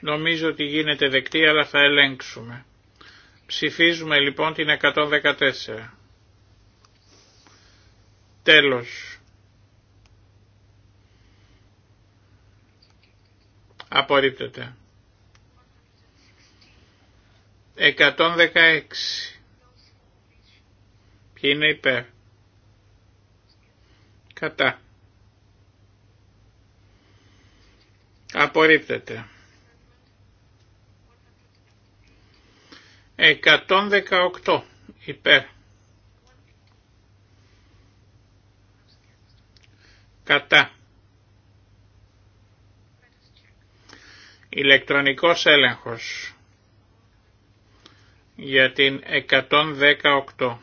Νομίζω ότι γίνεται δεκτή αλλά θα ελέγξουμε. Ψηφίζουμε λοιπόν την 114. Τέλος. Απορρίπτεται. 116. Ποιοι είναι υπέρ. Κατά. Απορρίπτεται. 118 υπέρ. Κατά. Ηλεκτρονικός έλεγχος για την 118.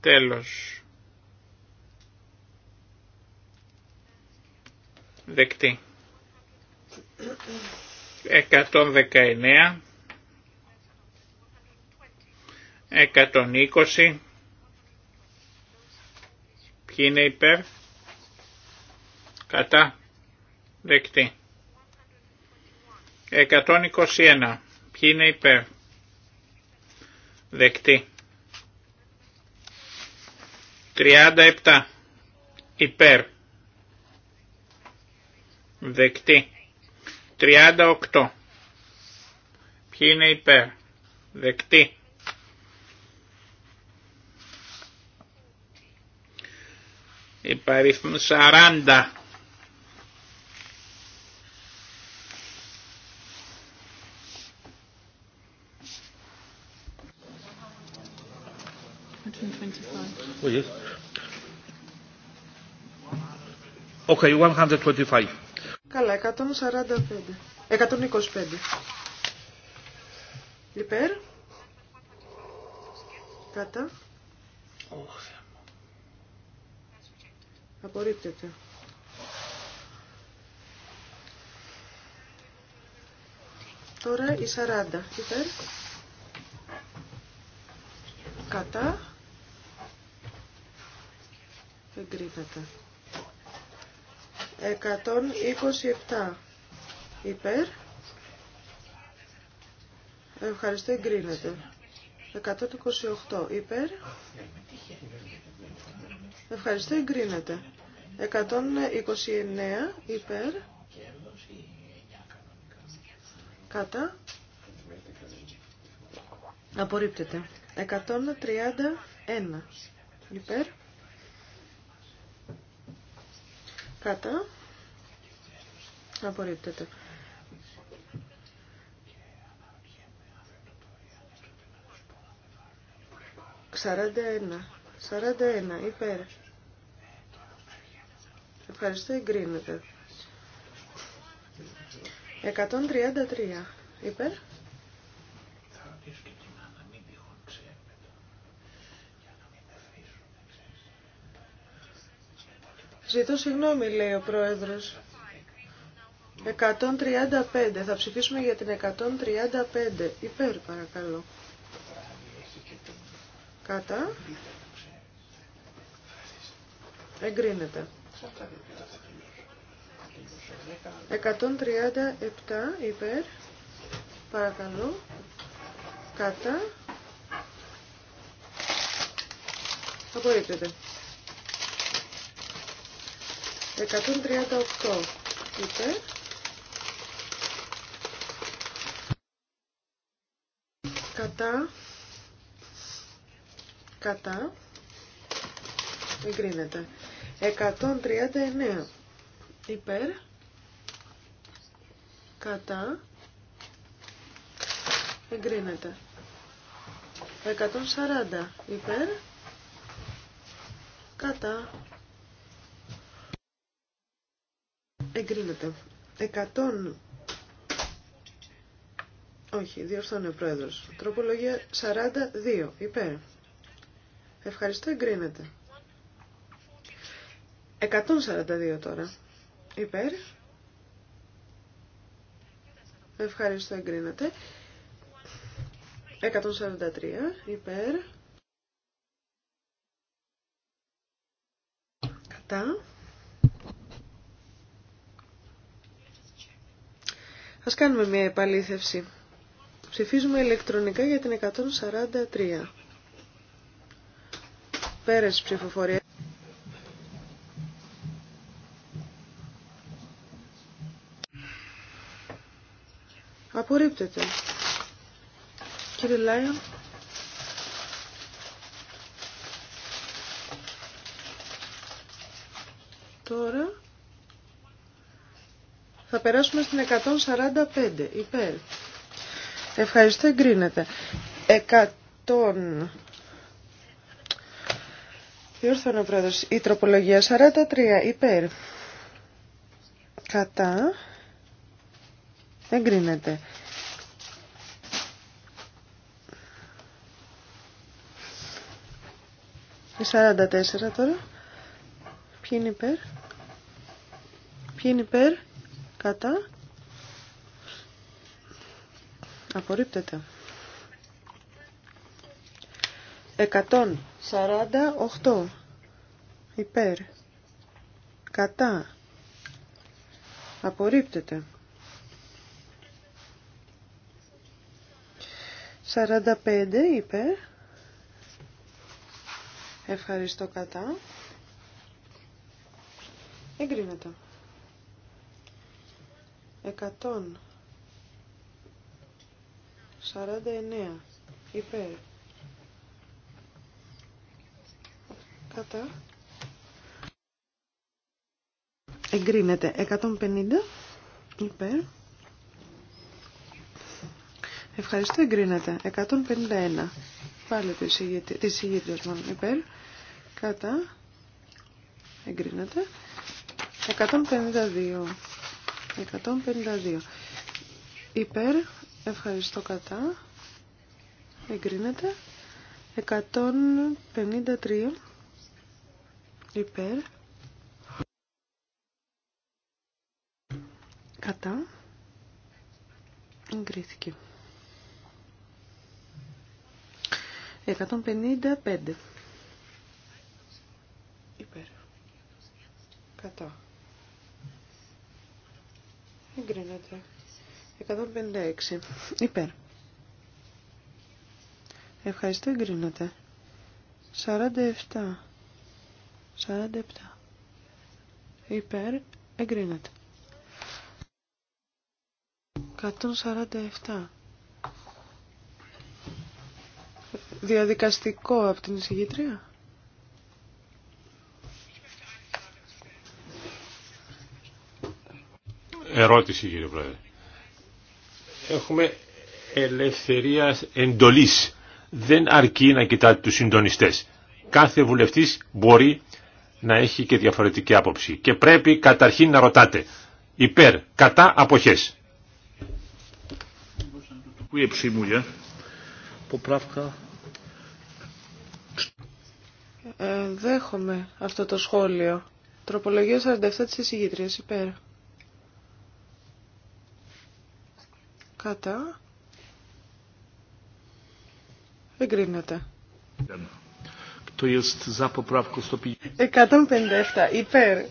Τέλος. Δεκτή. 119. 120. Ποιοι είναι υπέρ. Κατά. Δεκτή. 121. Ποιοι είναι υπέρ. Δεκτή. 37. Υπέρ. Δεκτή. 38. Ποιοι είναι υπέρ. Δεκτή. Υπαριθμού 40. Oh, yes. Okay, 125. Καλά, 145. 125. Λιπέρ. Κατά. Όχι. Απορρίπτεται. Τώρα η 40 υπέρ. Κατά. Εγκρίνεται. 127 υπέρ. Ευχαριστώ, εγκρίνεται. 128 υπέρ. Ευχαριστώ, εγκρίνεται. 129 υπέρ. Κατά. Απορρίπτεται. 131 υπέρ. Κατά. Απορρίπτεται. Σαράντα ένα. Σαράντα ένα. Υπέρ. Ευχαριστώ. Εγκρίνεται. 133. Υπέρ. Ζητώ συγγνώμη, λέει ο Πρόεδρος. 135. Θα ψηφίσουμε για την 135. Υπέρ, παρακαλώ. Κατά. Εγκρίνεται. 137 υπέρ. Παρακαλώ. Κατά. Απορρίπτεται. 138 υπέρ. Κατά. Κατά. Εγκρίνεται. 139 υπέρ κατά εγκρίνεται 140 υπέρ κατά εγκρίνεται 100 όχι, διορθώνει ο πρόεδρος. Τροπολογία 42, υπέρ. Ευχαριστώ, εγκρίνεται. 142 τώρα. Υπέρ. Ευχαριστώ, εγκρίνατε. 143 υπέρ. Κατά. Ας κάνουμε μια επαλήθευση. Ψηφίζουμε ηλεκτρονικά για την 143. Πέρες ψηφοφορία. Απορρίπτεται. Κύριε Λάιον. Τώρα θα περάσουμε στην 145 υπέρ. Ευχαριστώ, εγκρίνεται. 100. Διόρθωνα, ο πρόεδρος. Η τροπολογία 43 υπέρ. Κατά. Εγκρίνεται. Η 44 τώρα. Ποιοι είναι υπέρ. Ποιοι είναι υπέρ. Κατά. Απορρίπτεται. 148 υπέρ κατά απορρίπτεται 45 υπέρ Ευχαριστώ κατά. Εγκρίνεται. 149 υπέρ. Κατά. Εγκρίνεται. 150 υπέρ. Ευχαριστώ εγκρίνεται. 151. Πάλι τη ηγέτρια μου υπέρ. Κατά. Εγκρίνεται. 152. 152. Υπέρ. Ευχαριστώ κατά. Εγκρίνεται. 153. Υπέρ. Κατά. Εγκρίθηκε. 155. Κατά. Εγκρίνεται. 156. Υπέρ. Ευχαριστώ, εγκρίνεται. 47. 47. Υπέρ, εγκρίνεται. 147. Διαδικαστικό από την εισηγήτρια. ερώτηση κύριε Πρόεδρε. Έχουμε ελευθερία εντολής. Δεν αρκεί να κοιτάτε τους συντονιστές. Κάθε βουλευτής μπορεί να έχει και διαφορετική άποψη. Και πρέπει καταρχήν να ρωτάτε υπέρ, κατά, αποχές. Ε, δέχομαι αυτό το σχόλιο. Τροπολογία 47 της εισηγήτριας υπέρ. Κατά. Εγκρίνεται. 157. Ε, Υπέρ.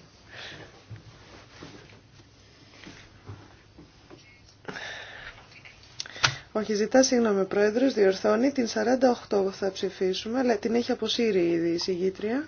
Όχι, ζητά συγγνώμη, πρόεδρο, διορθώνει την 48 θα ψηφίσουμε, αλλά την έχει αποσύρει ήδη η συγγήτρια.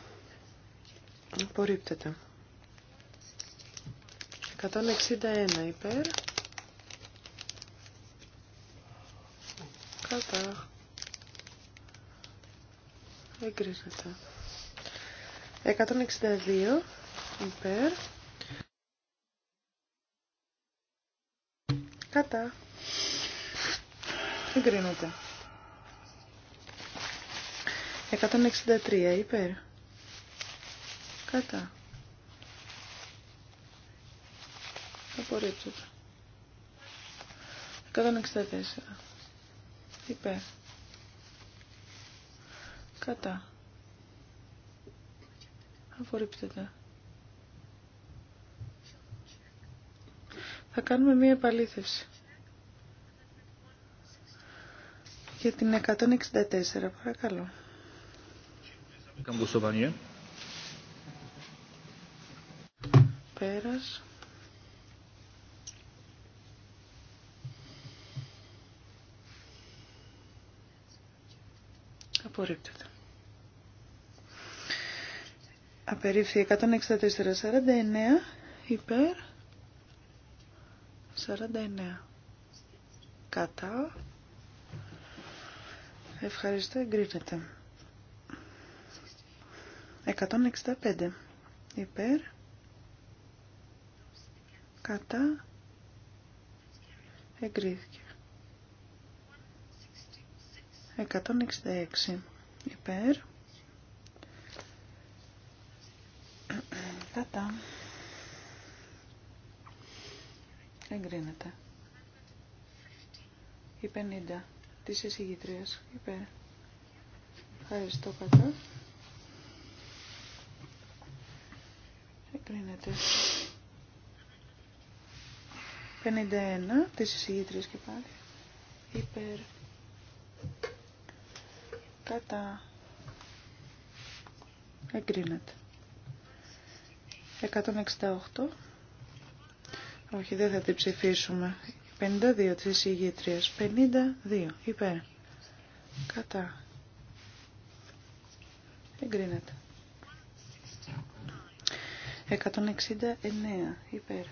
Απορρίπτεται. 161 υπέρ. Κατά. Εγκρίνεται. 162 υπέρ. Κατά. Εγκρίνεται. 163 υπέρ. Κατά. Απορρίπτωτα. 164. Υπέρ. Κατά. Απορρίπτωτα. Θα κάνουμε μία επαλήθευση. Για την 164, παρακαλώ. Πανιέ. Πέρας. Απορρίπτεται. Απερίφθη 164-49 υπέρ 49. Κατά. Ευχαριστώ, εγκρίνεται. 165 υπέρ κατά εγκρίθηκε 166 υπέρ κατά εγκρίνεται η 50 της εισηγητρίας υπέρ ευχαριστώ κατά εγκρίνεται 51 της εισηγήτριας και πάλι υπέρ κατά εγκρίνεται 168 όχι δεν θα την ψηφίσουμε 52 της εισηγήτριας 52 υπέρ κατά εγκρίνεται 169 υπέρ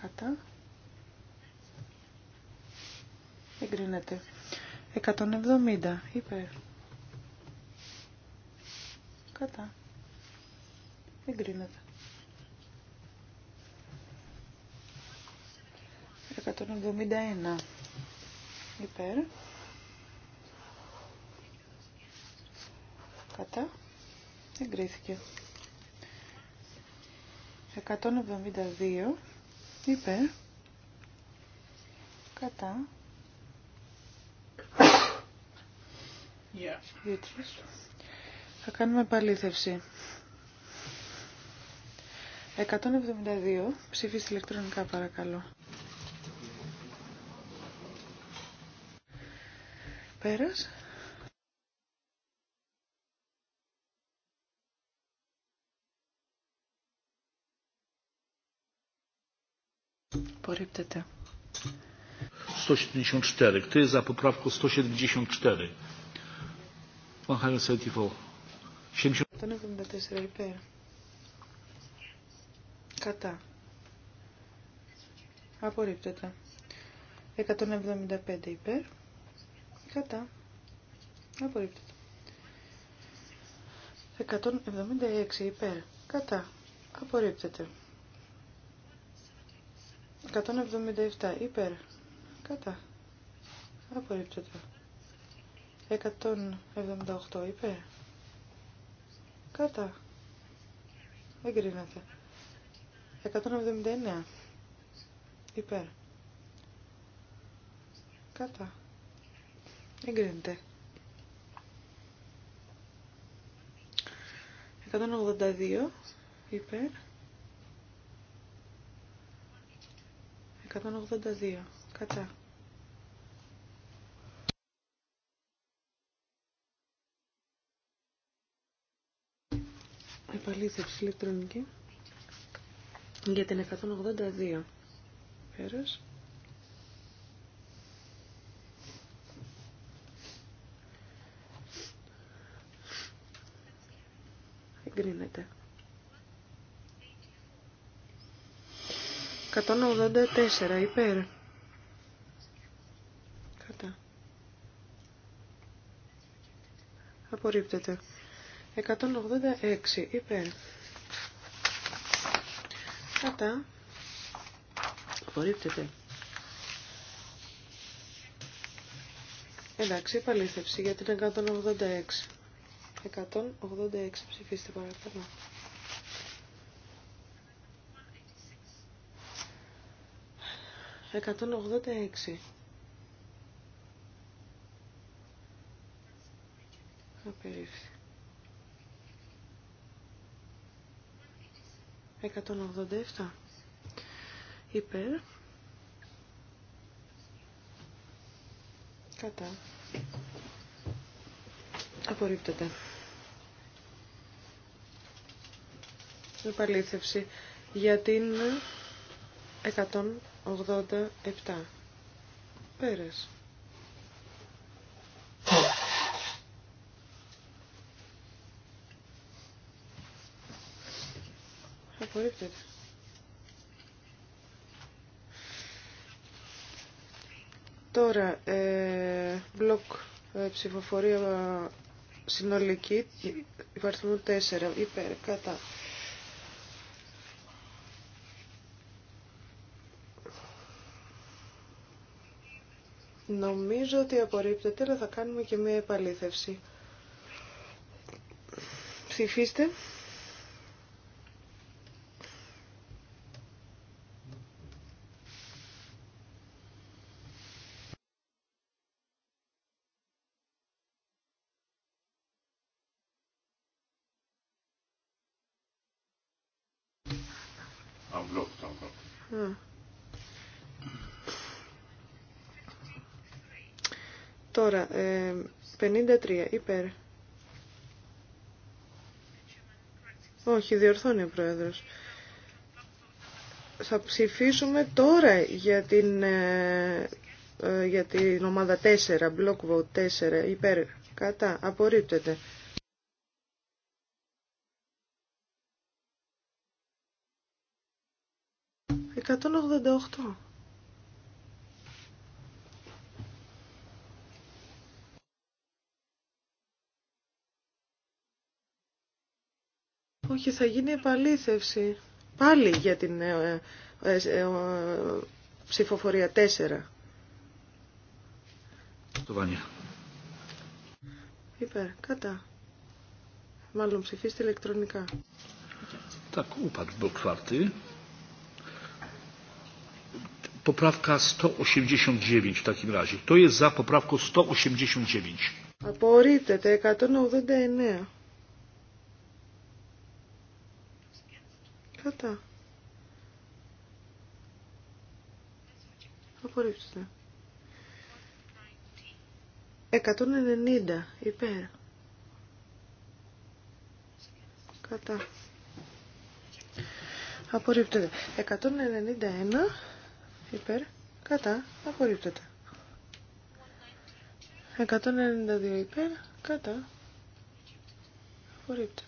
Κατά. Εγκρίνεται. 170 υπέρ. Κατά. Εγκρίνεται. 171 υπέρ. Κατά. Εγκρίθηκε. 172 είπε. Κατά. Yeah. Θα κάνουμε επαλήθευση. 172. Ψηφίστε ηλεκτρονικά παρακαλώ. Πέρας. Απορρίπτεται. 174. Kto jest za poprawką 174? 174. 174 υπέρ. Κατά. Απορρίπτεται. 175 υπέρ. Κατά. Απορρίπτεται. 176 υπέρ. Κατά. Απορρίπτεται. 177 υπέρ. Κατά. το. 178 υπέρ. Κατά. Εγκρίνεται. 179 υπέρ. Κατά. Εγκρίνεται. 182 υπέρ. 182. Κατά. Επαλήθευση ηλεκτρονική για την 182. Πέρας. Εγκρίνεται. 184 υπέρ. Κατά. Απορρίπτεται. 186 υπέρ. Κατά. Απορρίπτεται. Εντάξει, επαλήθευση για την 186. 186 ψηφίστε παρακαλώ. 186. Απερίφθη. 187. Υπέρ. Κατά. Απορρίπτεται. Επαλήθευση για την 87. Πέρες. Απορρίπτεται. Τώρα, ε, μπλοκ ε, ψηφοφορία ε, συνολική, υπαριθμού 4, υπέρ, κατά, Νομίζω ότι απορρίπτεται, αλλά θα κάνουμε και μία επαλήθευση. Ψηφίστε. 53 ε, υπέρ. Όχι, διορθώνει ο Πρόεδρος. Θα ψηφίσουμε τώρα για την, ε, ε, για την ομάδα 4, block vote 4, υπέρ, κατά, απορρίπτεται. Εκατόν Όχι, θα γίνει επαλήθευση. Πάλι για την ε, ε, ε, ε, ε ψηφοφορία 4. Το βάνια. Υπέρ, κατά. Μάλλον ψηφίστε ηλεκτρονικά. Τα κούπα του czwarty. Ποπράβκα 189 τα takim Το είναι ζα ποπράβκο 189. 189. Απορρίπτεται 189. Κατά. Απορρίψτε. 190 υπέρ. Κατά. Απορρίπτεται. 191 υπέρ. Κατά. Απορρίπτεται. 192 υπέρ. Κατά. Απορρίπτεται.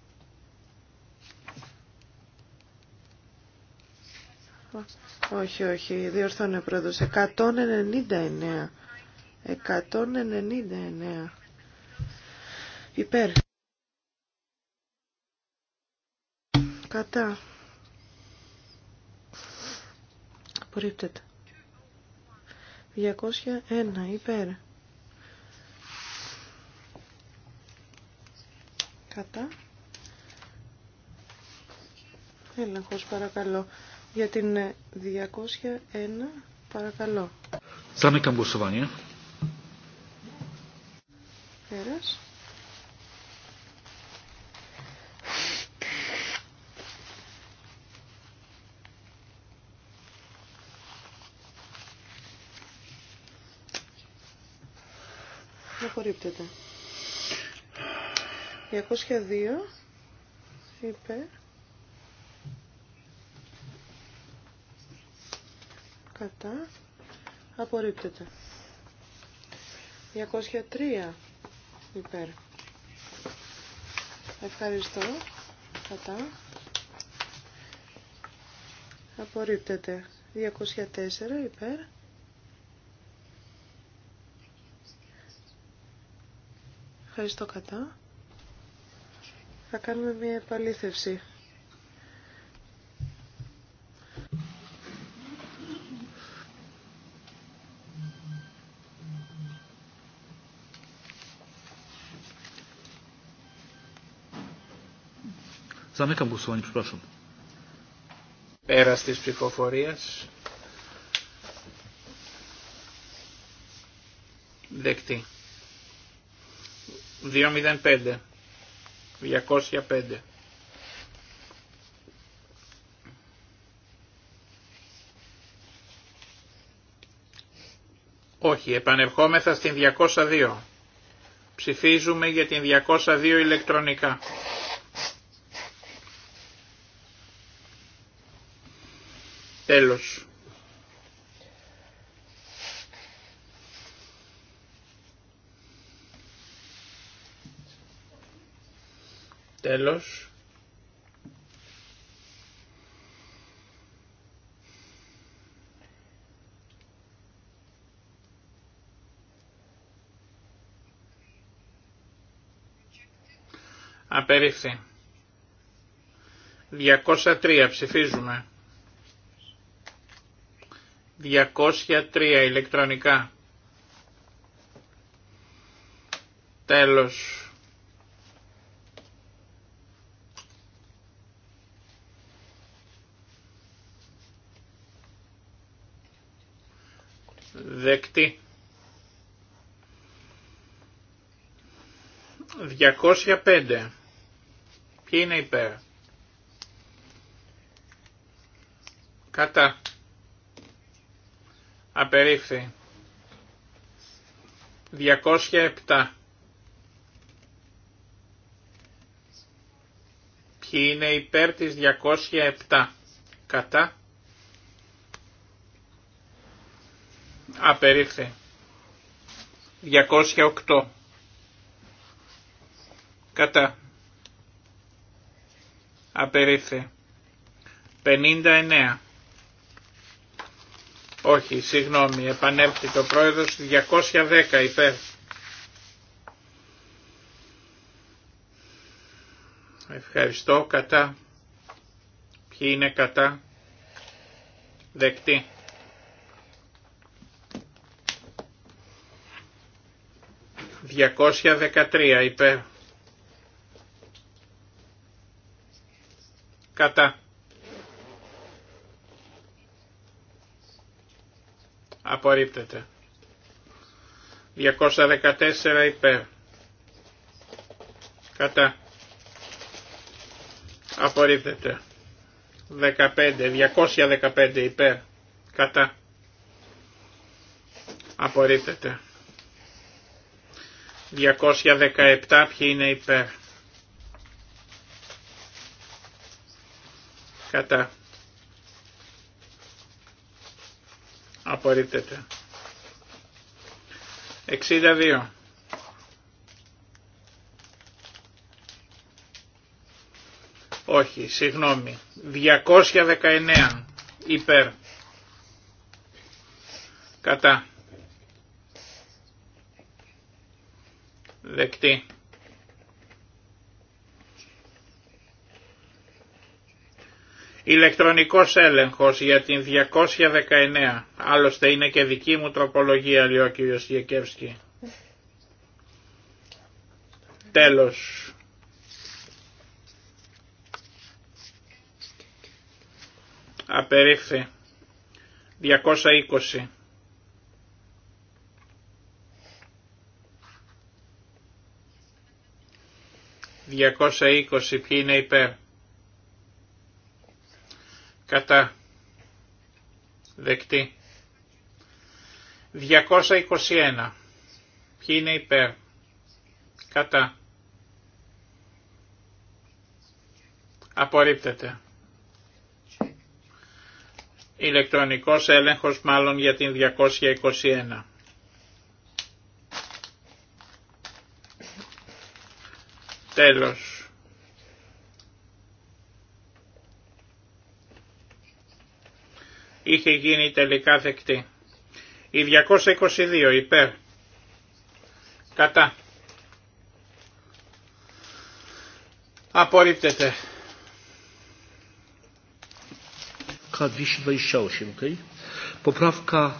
Όχι, όχι, διορθώνει ο πρόεδρος. 199. 199. Υπέρ. Κατά. Απορρίπτεται. 201. Υπέρ. Κατά. Έλεγχος παρακαλώ. Για την 201 παρακαλώ. Zamykam Πέρας. Δεν Απορρίπτεται. 202 υπέρ κατά απορρίπτεται. 203 υπέρ. Ευχαριστώ. Κατά. Απορρίπτεται. 204 υπέρ. Ευχαριστώ κατά. Θα κάνουμε μια επαλήθευση. Zamykam głosowanie, przepraszam. Πέρας της ψηφοφορίας. Δεκτή. 205. 205. Όχι, επανερχόμεθα στην 202. Ψηφίζουμε για την 202 ηλεκτρονικά. Τέλος. Τέλος. Απερίφθη. 203 ψηφίζουμε. 203 ηλεκτρονικά. Τέλος. Δεκτή. 205. Ποιοι είναι υπέρ. Κατά. Απερίφθη. 207. Ποιοι είναι υπέρ της 207. Κατά. Απερίφθη. 208. Κατά. Απερίφθη. 59. Όχι, συγγνώμη, το το πρόεδρος 210 υπέρ. Ευχαριστώ, κατά. Ποιοι είναι κατά. Δεκτή. 213 υπέρ. Κατά. Απορρίπτεται. 214 υπέρ. Κατά. Απορρίπτεται. 15. 215 υπέρ. Κατά. Απορρίπτεται. 217 ποιοι είναι υπέρ. Κατά. Απορρίπτεται. 62. Όχι, συγγνώμη. 219 υπέρ. Κατά. Δεκτή. Ηλεκτρονικός έλεγχος για την 219. Άλλωστε είναι και δική μου τροπολογία, λέει ο κύριος Γεκεύσκη. Τέλος. Απερίφθη. 220. 220. ποιοι είναι υπέρ κατά δεκτή 221 ποιοι είναι υπέρ κατά απορρίπτεται ηλεκτρονικός έλεγχος μάλλον για την 221 τέλος είχε γίνει τελικά δεκτή. Η 222 υπέρ. Κατά. Απορρίπτεται. 228,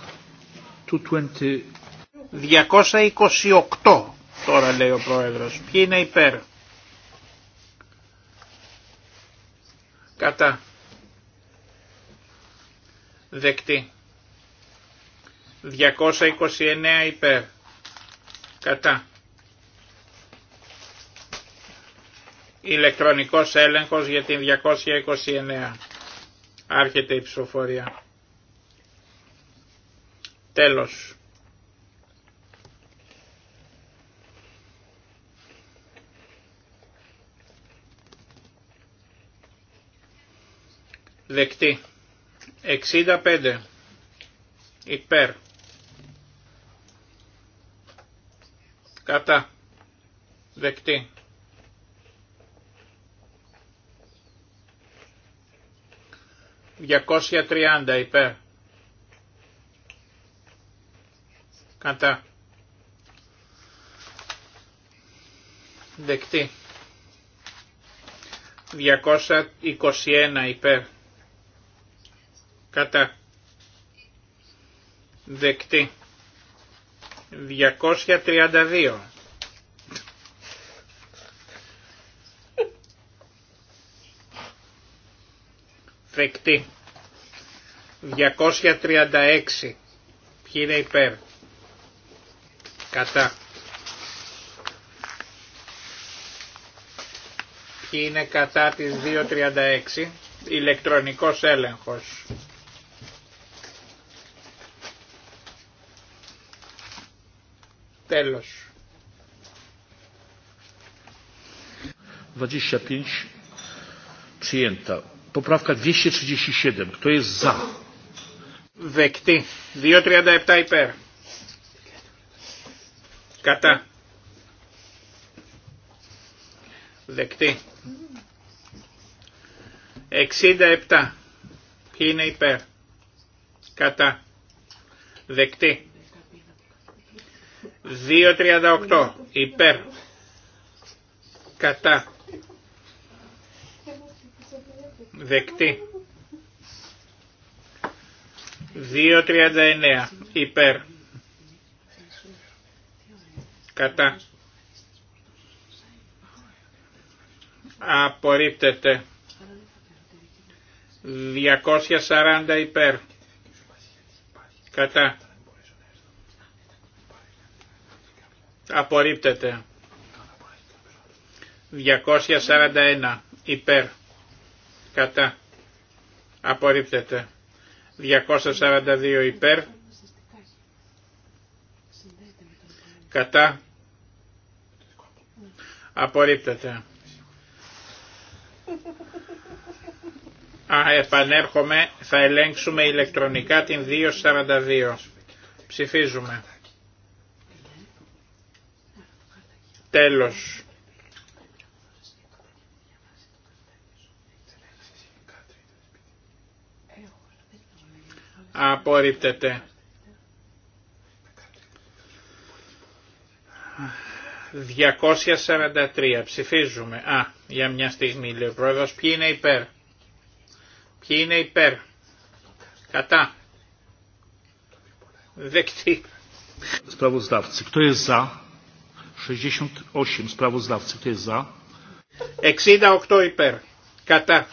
228 τώρα λέει ο πρόεδρος. Ποιοι είναι υπέρ. Κατά. Δεκτή. 229 υπέρ. Κατά. Ηλεκτρονικός έλεγχος για την 229. Άρχεται η ψηφοφορία. Τέλος. Δεκτή πέντε υπέρ κατά δεκτή. Διακόσια τριάντα υπέρ. Κατά. Δεκτή. Διακόσια εικοσιένα υπέρ κατά δεκτή 232 δεκτή 236 ποιοι είναι υπέρ κατά ποιοι είναι κατά της 236 ηλεκτρονικός έλεγχος Τέλος. 25 przyjęta. Ποπράφκα 237. Kto είναι ζα. Δεκτή. 2.37 υπέρ. Κατά. Δεκτή. 67. Ποιοι είναι υπέρ. Κατά. Δεκτή. 2.38 υπέρ κατά δεκτή 2.39 υπέρ κατά απορρίπτεται 240 υπέρ κατά Απορρίπτεται. 241 υπέρ. Κατά. Απορρίπτεται. 242 υπέρ. Κατά. Απορρίπτεται. Α, επανέρχομαι, θα ελέγξουμε ηλεκτρονικά την 242. Ψηφίζουμε. Τέλος. Απορρίπτεται. 243. Ψηφίζουμε. Α, για μια στιγμή λέει ο πρόεδρος. Ποιοι είναι υπέρ. Ποιοι είναι υπέρ. Κατά. Δεκτή. Sprawozdawcy. Kto jest 68 sprawozdawcy. jest za? 68 υπέρ. Κατά.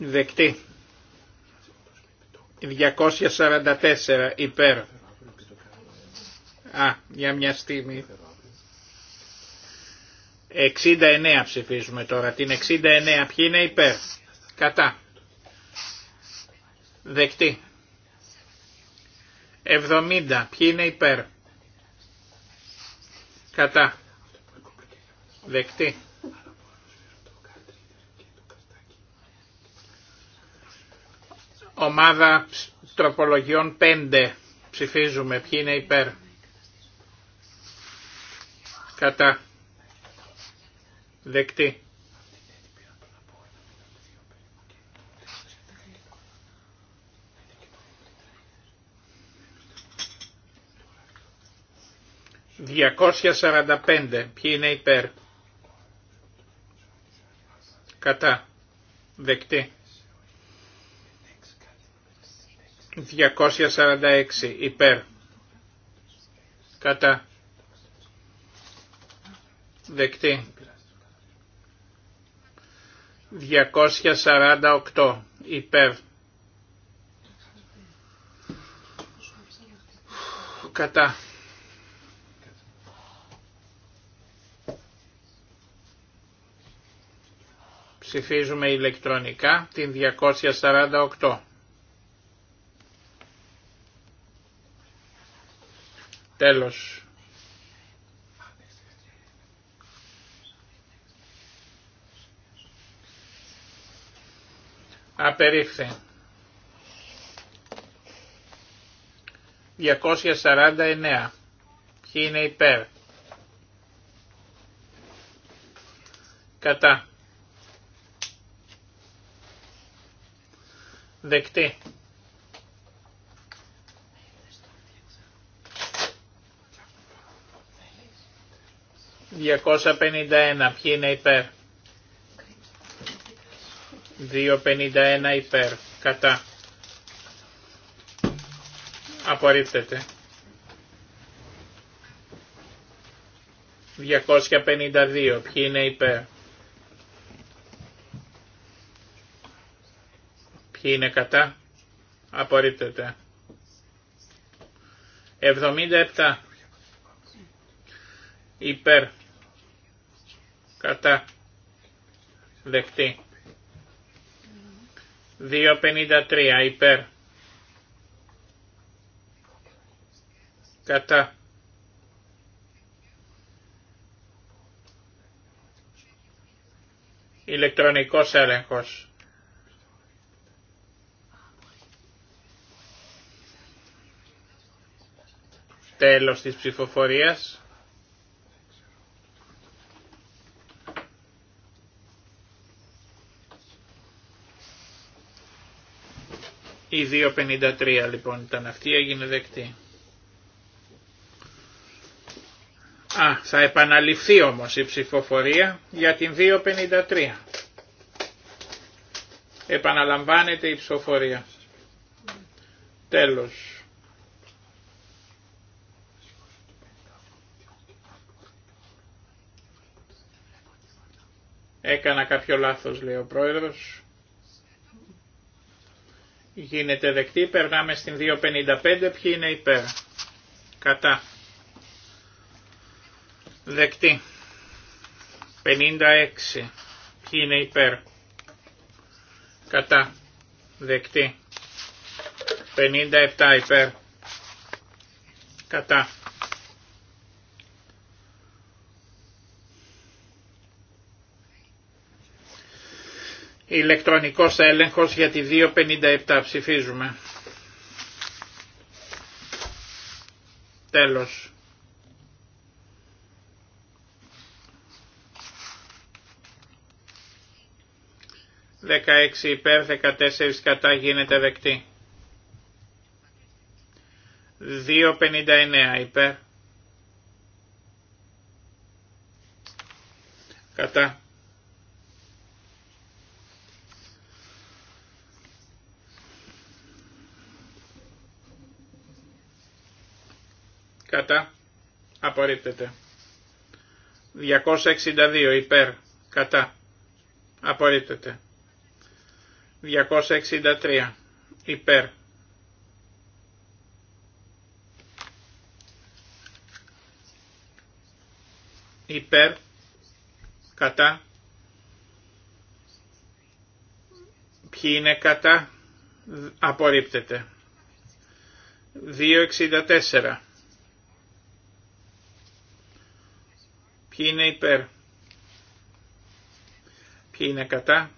Δεκτή. 244 υπέρ. Α, για μια στιγμή. 69 ψηφίζουμε τώρα. Την 69 ποιοι είναι υπέρ. Κατά. Δεκτή. 70 ποιοι είναι υπέρ. Κατά. Δεκτή. Ομάδα τροπολογιών 5. Ψηφίζουμε. Ποιοι είναι υπέρ. Κατά. Δεκτή. 245. Ποιοι είναι υπέρ. Κατά. Δεκτή. 246. Υπέρ. Κατά. Δεκτή. 248. Υπέρ. Κατά. Ψηφίζουμε ηλεκτρονικά την 248. Τέλος. Απερίφθη. 249. Ποιοι είναι υπέρ. Κατά. Δεκτή. 251. Ποιοι είναι υπέρ. 251 υπέρ. Κατά. Απορρίπτεται. 252. Ποιοι είναι υπέρ. Ποιοι είναι κατά. Απορρίπτεται. 77. Υπέρ. Κατά. Δεκτή. 2.53. Υπέρ. Κατά. Ηλεκτρονικός έλεγχος. Τέλος της ψηφοφορίας. Η 2.53 λοιπόν ήταν αυτή, έγινε δεκτή. Α, θα επαναληφθεί όμως η ψηφοφορία για την 2.53. Επαναλαμβάνεται η ψηφοφορία. Τέλος. Έκανα κάποιο λάθος, λέει ο πρόεδρος. Γίνεται δεκτή, περνάμε στην 2.55, ποιοι είναι υπέρ. Κατά. Δεκτή. 56. Ποιοι είναι υπέρ. Κατά. Δεκτή. 57 υπέρ. Κατά. Ηλεκτρονικός έλεγχος για τη 257 ψηφίζουμε. Τέλος. 16 υπέρ, 14 κατά γίνεται δεκτή. 2.59 υπέρ. Κατά. κατά, απορρίπτεται. 262 υπέρ, κατά, απορρίπτεται. 263 υπέρ. Υπέρ, κατά, ποιοι είναι κατά, απορρίπτεται. 264 Ποιοι είναι υπέρ. Ποιοι είναι κατά.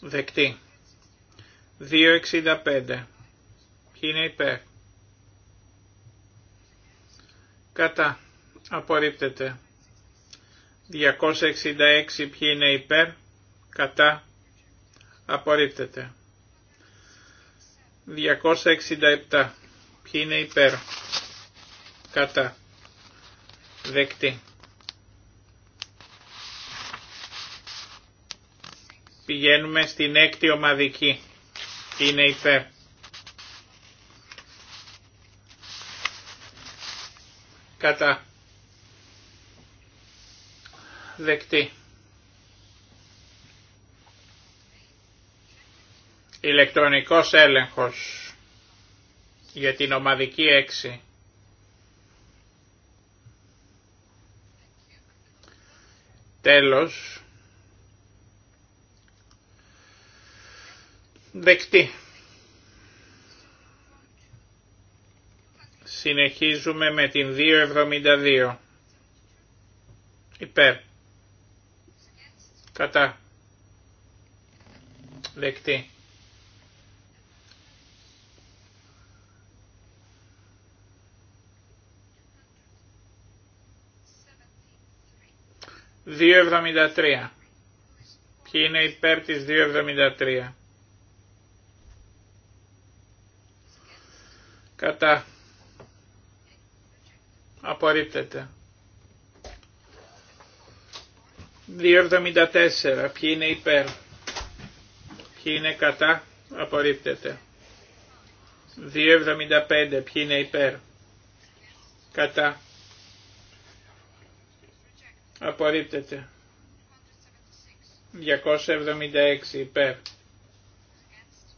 Δεκτή. 2.65. Ποιοι είναι υπέρ. Κατά. Απορρίπτεται. 266 ποιοι είναι υπέρ, κατά, απορρίπτεται. 267 ποιοι είναι υπέρ, κατά, Δεκτή. Πηγαίνουμε στην έκτη ομαδική. Είναι υπέρ. Κατά. Δεκτή. Ηλεκτρονικός έλεγχος για την ομαδική 6. Τέλος. Δεκτή. Συνεχίζουμε με την 2.72. Υπέρ. Κατά. Δεκτή. 2.73. Ποιοι είναι υπέρ της 2.73. Κατά. Απορρίπτεται. 2.74. Ποιοι είναι υπέρ. Ποιοι είναι κατά. Απορρίπτεται. 2.75. Ποιοι είναι υπέρ. Κατά. Απορρίπτεται. 276 υπέρ.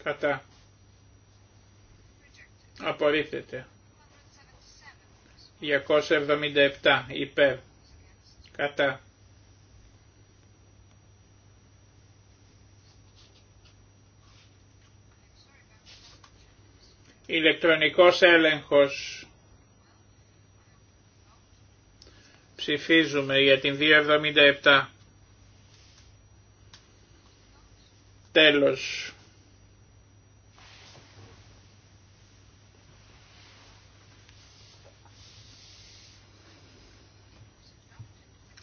Κατά. Απορρίπτεται. 277 υπέρ. Κατά. Ηλεκτρονικός έλεγχος Ψηφίζουμε για την 277. Τέλος.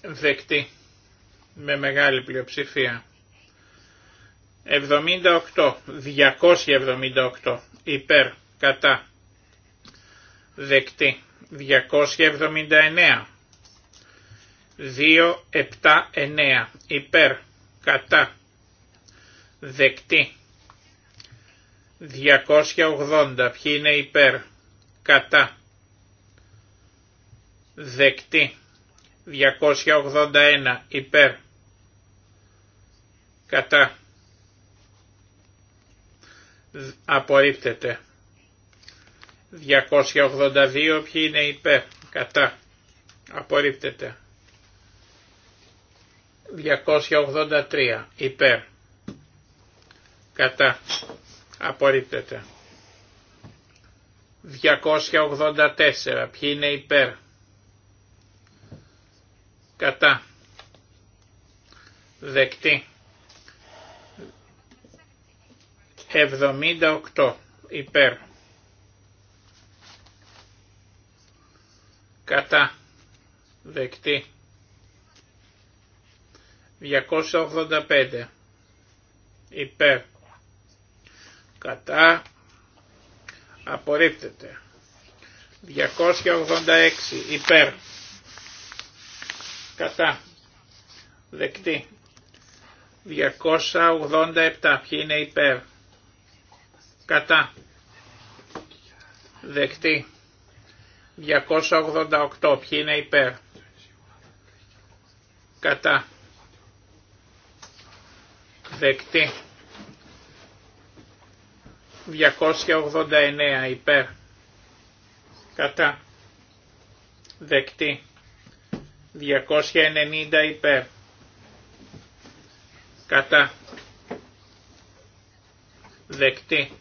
Δεκτή. Με μεγάλη πλειοψηφία. 78. 278. Υπέρ. Κατά. Δεκτή. 279 2, 7, 9, υπέρ κατά δεκτή 280 ποιοι είναι υπέρ κατά δεκτή 281 υπέρ κατά απορρίπτεται 282 ποιοι είναι υπέρ κατά απορρίπτεται 283 υπέρ κατά απορρίπτεται 284 ποιοι είναι υπέρ κατά δεκτή 78 υπέρ κατά δεκτή 285 υπέρ κατά απορρίπτεται 286 υπέρ κατά δεκτή 287 ποιοι είναι υπέρ κατά δεκτή 288 ποιοι είναι υπέρ κατά δεκτή 289 υπέρ κατά δεκτή 290 υπέρ κατά δεκτή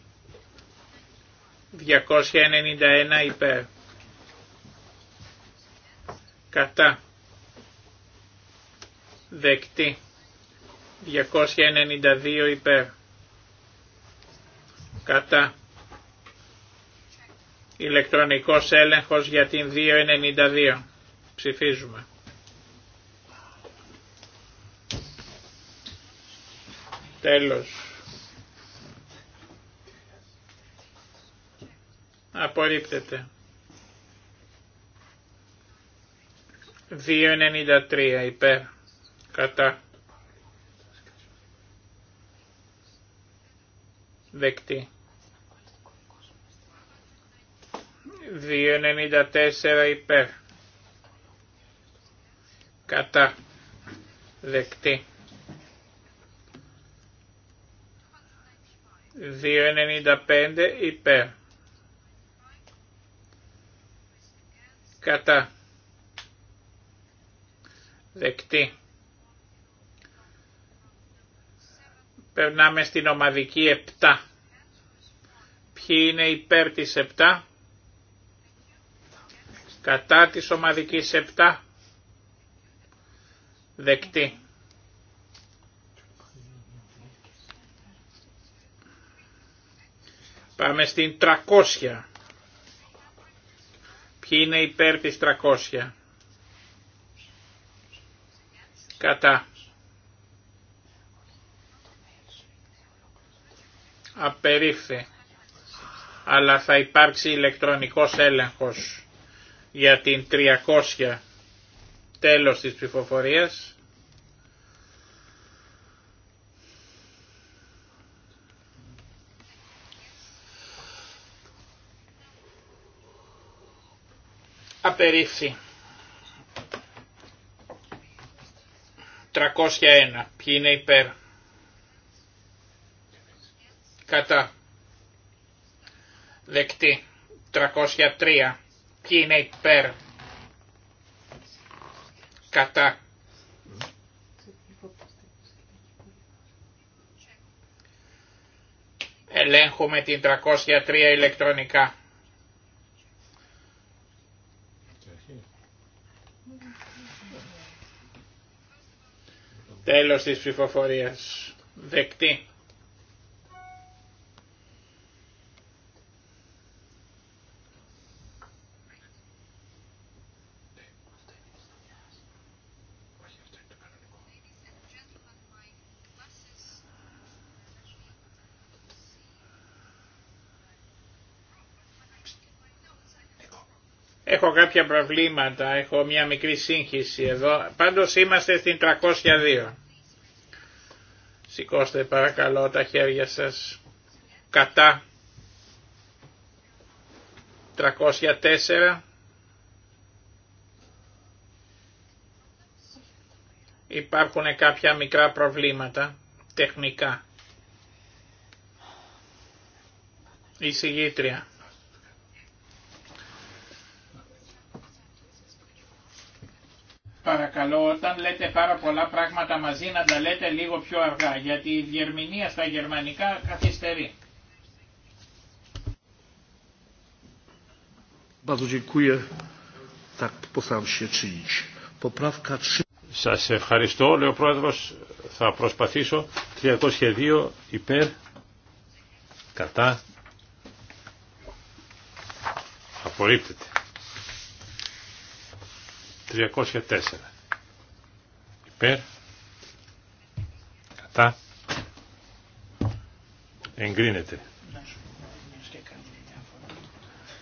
291 υπέρ κατά δεκτή 292 υπέρ. Κατά. Ηλεκτρονικός έλεγχος για την 292. Ψηφίζουμε. Τέλος. Απορρίπτεται. 2.93 υπέρ. Κατά. δεκτή. 2.94 υπέρ. Κατά. Δεκτή. 2.95 υπέρ. Κατά. Δεκτή. Περνάμε στην ομαδική 7. Ποιοι είναι υπέρ της 7. Κατά της ομαδικής 7. Δεκτή. Πάμε στην 300. Ποιοι είναι υπέρ της 300. Κατά. απερίφθη. Αλλά θα υπάρξει ηλεκτρονικός έλεγχος για την 300 τέλος της ψηφοφορίας. Απερίφθη. 301. Ποιοι είναι υπέρ κατά δεκτή 303 και είναι υπέρ κατά ελέγχουμε την 303 ηλεκτρονικά Τέλος της ψηφοφορίας. Δεκτή. έχω κάποια προβλήματα, έχω μια μικρή σύγχυση εδώ. Πάντως είμαστε στην 302. Σηκώστε παρακαλώ τα χέρια σας κατά 304. Υπάρχουν κάποια μικρά προβλήματα τεχνικά. Η συγγήτρια. παρακαλώ όταν λέτε πάρα πολλά πράγματα μαζί να τα λέτε λίγο πιο αργά γιατί η διερμηνία στα γερμανικά καθυστερεί. Σα ευχαριστώ, λέει ο πρόεδρο. Θα προσπαθήσω. 302 υπέρ, κατά, απορρίπτεται. 304 υπέρ κατά εγκρίνεται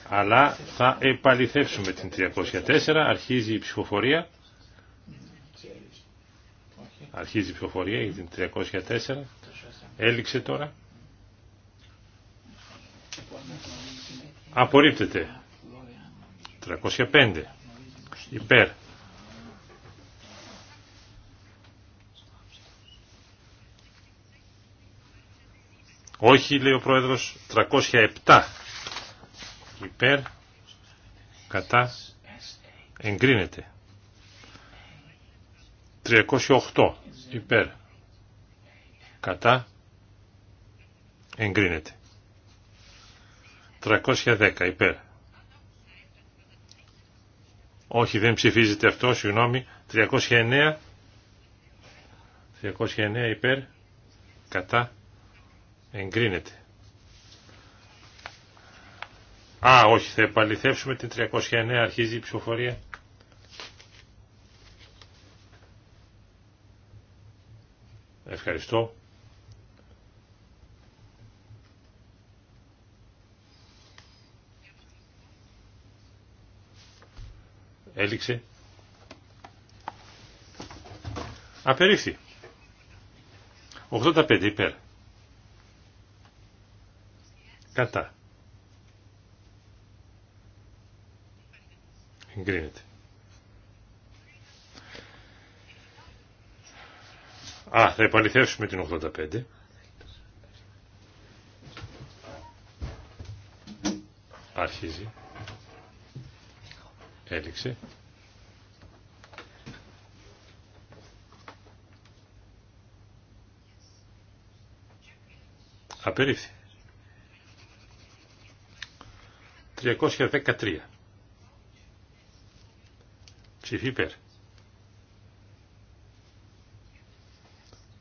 αλλά θα επαληθεύσουμε την 304 αρχίζει η ψηφοφορία αρχίζει η ψηφοφορία για την 304 έληξε τώρα απορρίπτεται 305 υπέρ όχι λέει ο πρόεδρος 307 υπέρ κατά εγκρίνεται 308 υπέρ κατά εγκρίνεται 310 υπέρ όχι, δεν ψηφίζεται αυτό, συγγνώμη. 309. 309 υπέρ. Κατά. Εγκρίνεται. Α, όχι, θα επαληθεύσουμε την 309. Αρχίζει η ψηφοφορία. Ευχαριστώ. Έληξε. Απερίφθη. 85 υπέρ. Κατά. Εγκρίνεται. Α, θα υπαλληθεύσουμε την 85. Αρχίζει. Έληξε. Απερίφθη. 313. Ψηφί υπέρ.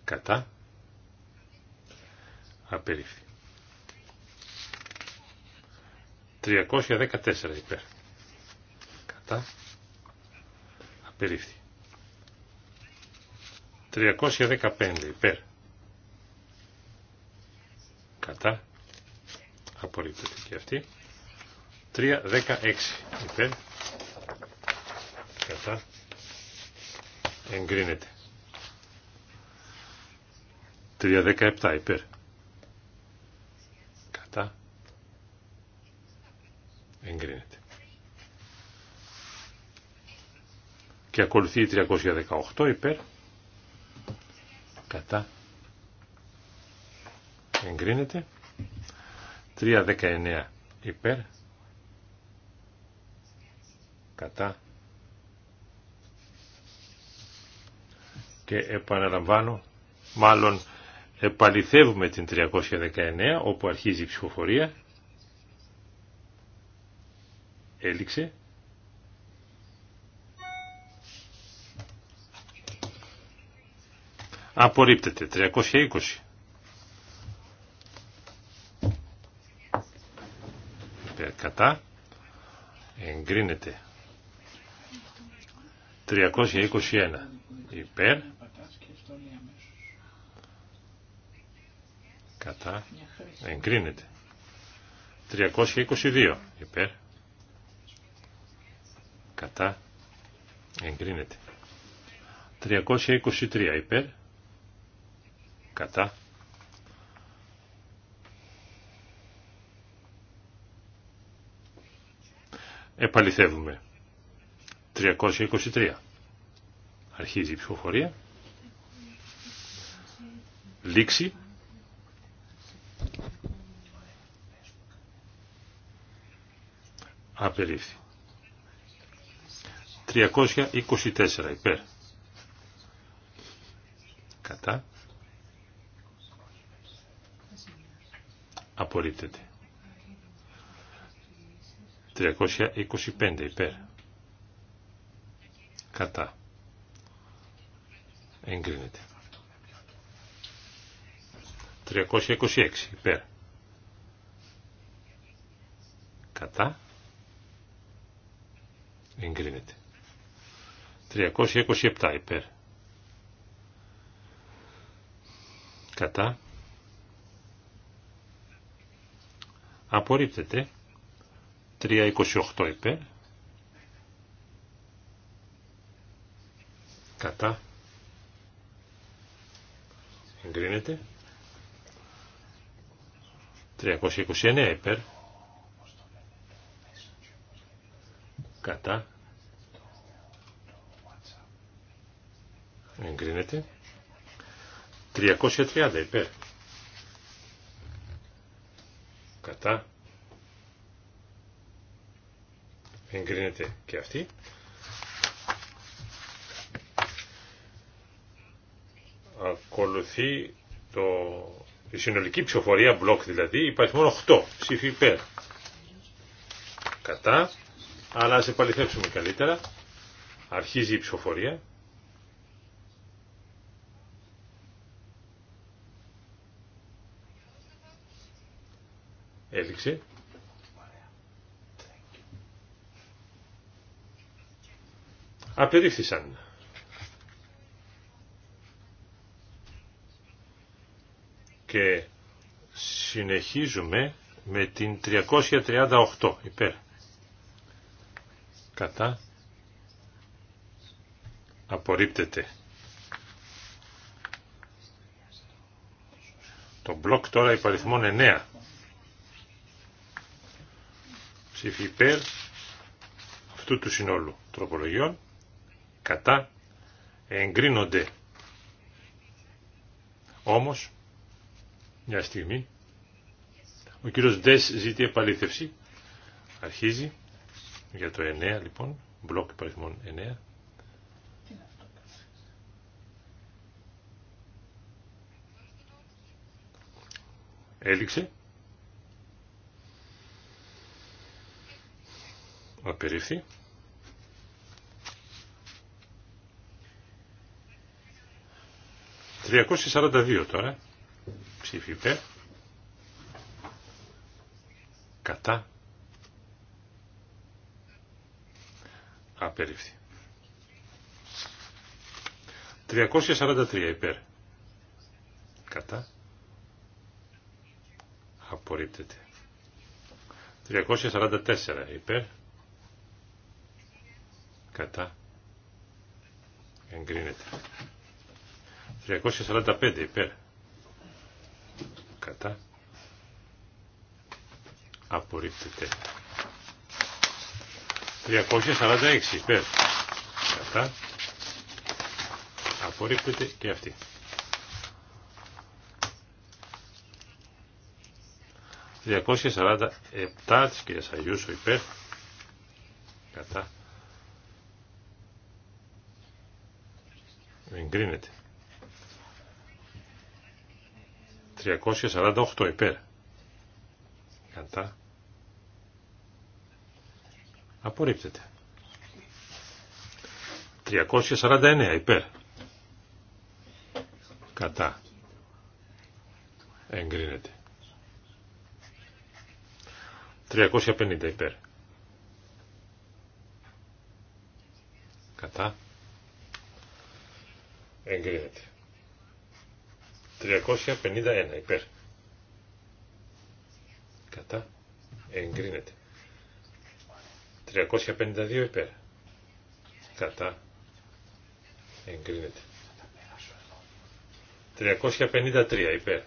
Κατά. Απερίφθη. 314 υπέρ απερίφθη. 315 υπέρ κατά απορρίπτεται και αυτή. 316 υπέρ κατά εγκρίνεται. 317 υπέρ κατά εγκρίνεται. Και ακολουθεί 318 υπέρ. Κατά. Εγκρίνεται. 319 υπέρ. Κατά. Και επαναλαμβάνω, μάλλον επαληθεύουμε την 319 όπου αρχίζει η ψηφοφορία. Έληξε. Απορρίπτεται. 320. Υπέρ κατά. Εγκρίνεται. 321. Υπέρ. Κατά. Εγκρίνεται. 322. Υπέρ. Κατά. Εγκρίνεται. 323. Υπέρ κατά επαληθεύουμε 323 αρχίζει η ψηφοφορία λήξη απερίφθη 324 υπέρ κατά απορρίπτεται. 325 υπέρ. Κατά. Εγκρίνεται. 326 υπέρ. Κατά. Εγκρίνεται. 327 υπέρ. Κατά. Απορρίπτεται. 3.28 υπέρ. Κατά. Εγκρίνεται. 329 υπέρ. Κατά. Εγκρίνεται. 330 υπέρ κατά εγκρίνεται και αυτή. Ακολουθεί το, η συνολική ψηφοφορία, μπλοκ δηλαδή, υπάρχει μόνο 8 ψήφι υπέρ. Κατά, αλλά ας επαληθεύσουμε καλύτερα. Αρχίζει η ψηφοφορία. Απερίφθησαν. Και συνεχίζουμε με την 338 υπέρ. Κατά. Απορρίπτεται. Το μπλοκ τώρα υπαριθμών 9. ψήφι υπέρ αυτού του συνόλου τροπολογιών κατά εγκρίνονται όμως μια στιγμή ο κύριος Ντες ζήτη επαλήθευση αρχίζει για το 9 λοιπόν μπλοκ παριθμών 9 έληξε Απερίφθη. 342 τώρα. Ψήφι υπέρ. Κατά. Απερίφθη. 343 υπέρ. Κατά. Απορρίπτεται. 344 υπέρ κατά εγκρίνεται 345 υπέρ κατά απορρίπτεται 346 υπέρ κατά απορρίπτεται και αυτή 347 της κυρίας Αγιούσου υπέρ... ...κατά Εγκρίνεται. 348 υπέρ. Κατά. Απορρίπτεται. 349 υπέρ. Κατά. Εγκρίνεται. 350 υπέρ. Κατά εγκρίνεται. 351 υπέρ. Κατά εγκρίνεται. 352 υπέρ. Κατά εγκρίνεται. 353 υπέρ.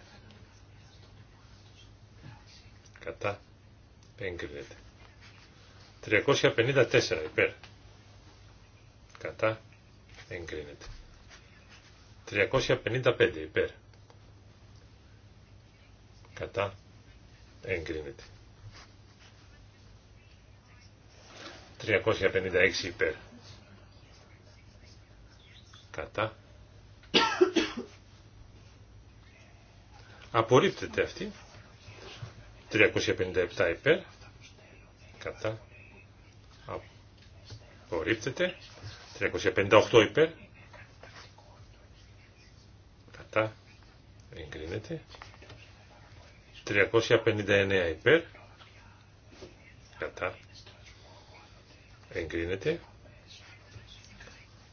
Κατά εγκρίνεται. 354 υπέρ. Κατά εγκρίνεται. 355 υπέρ. Κατά. Εγκρίνεται. 356 υπέρ. Κατά. Απορρίπτεται αυτή. 357 υπέρ. Κατά. Απορρίπτεται. 358 υπέρ εγκρίνεται 359 υπέρ κατά εγκρίνεται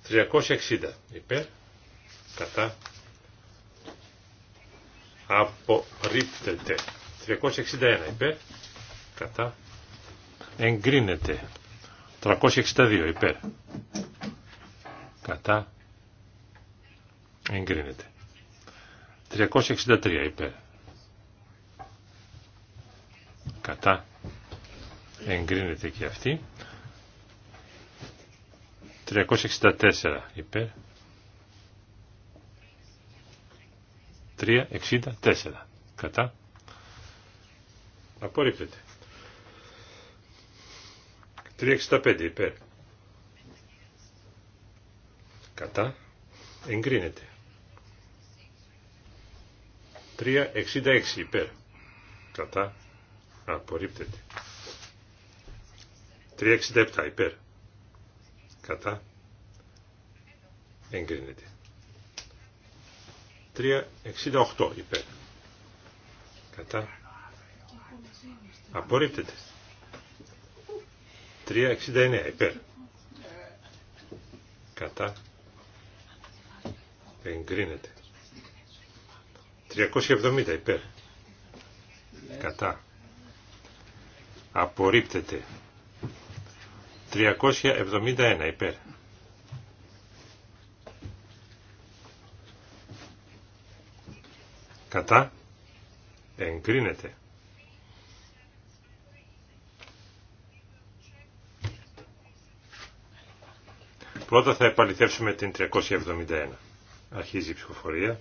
360 υπέρ κατά απορρίπτεται 361 υπέρ κατά εγκρίνεται 362 υπέρ κατά εγκρίνεται 363 υπέρ. Κατά. Εγκρίνεται και αυτή. 364 υπέρ. 364 κατά. Απορρίπτεται. 365 υπέρ. Κατά. Εγκρίνεται. 366 υπέρ. Κατά. Απορρίπτεται. 367 υπέρ. Κατά. Εγκρίνεται. 368 υπέρ. Κατά. Απορρίπτεται. 369 υπέρ. Κατά. Εγκρίνεται. 370 υπέρ. Κατά. Απορρίπτεται. 371 υπέρ. Κατά. Εγκρίνεται. Πρώτα θα επαληθεύσουμε την 371. Αρχίζει η ψηφοφορία.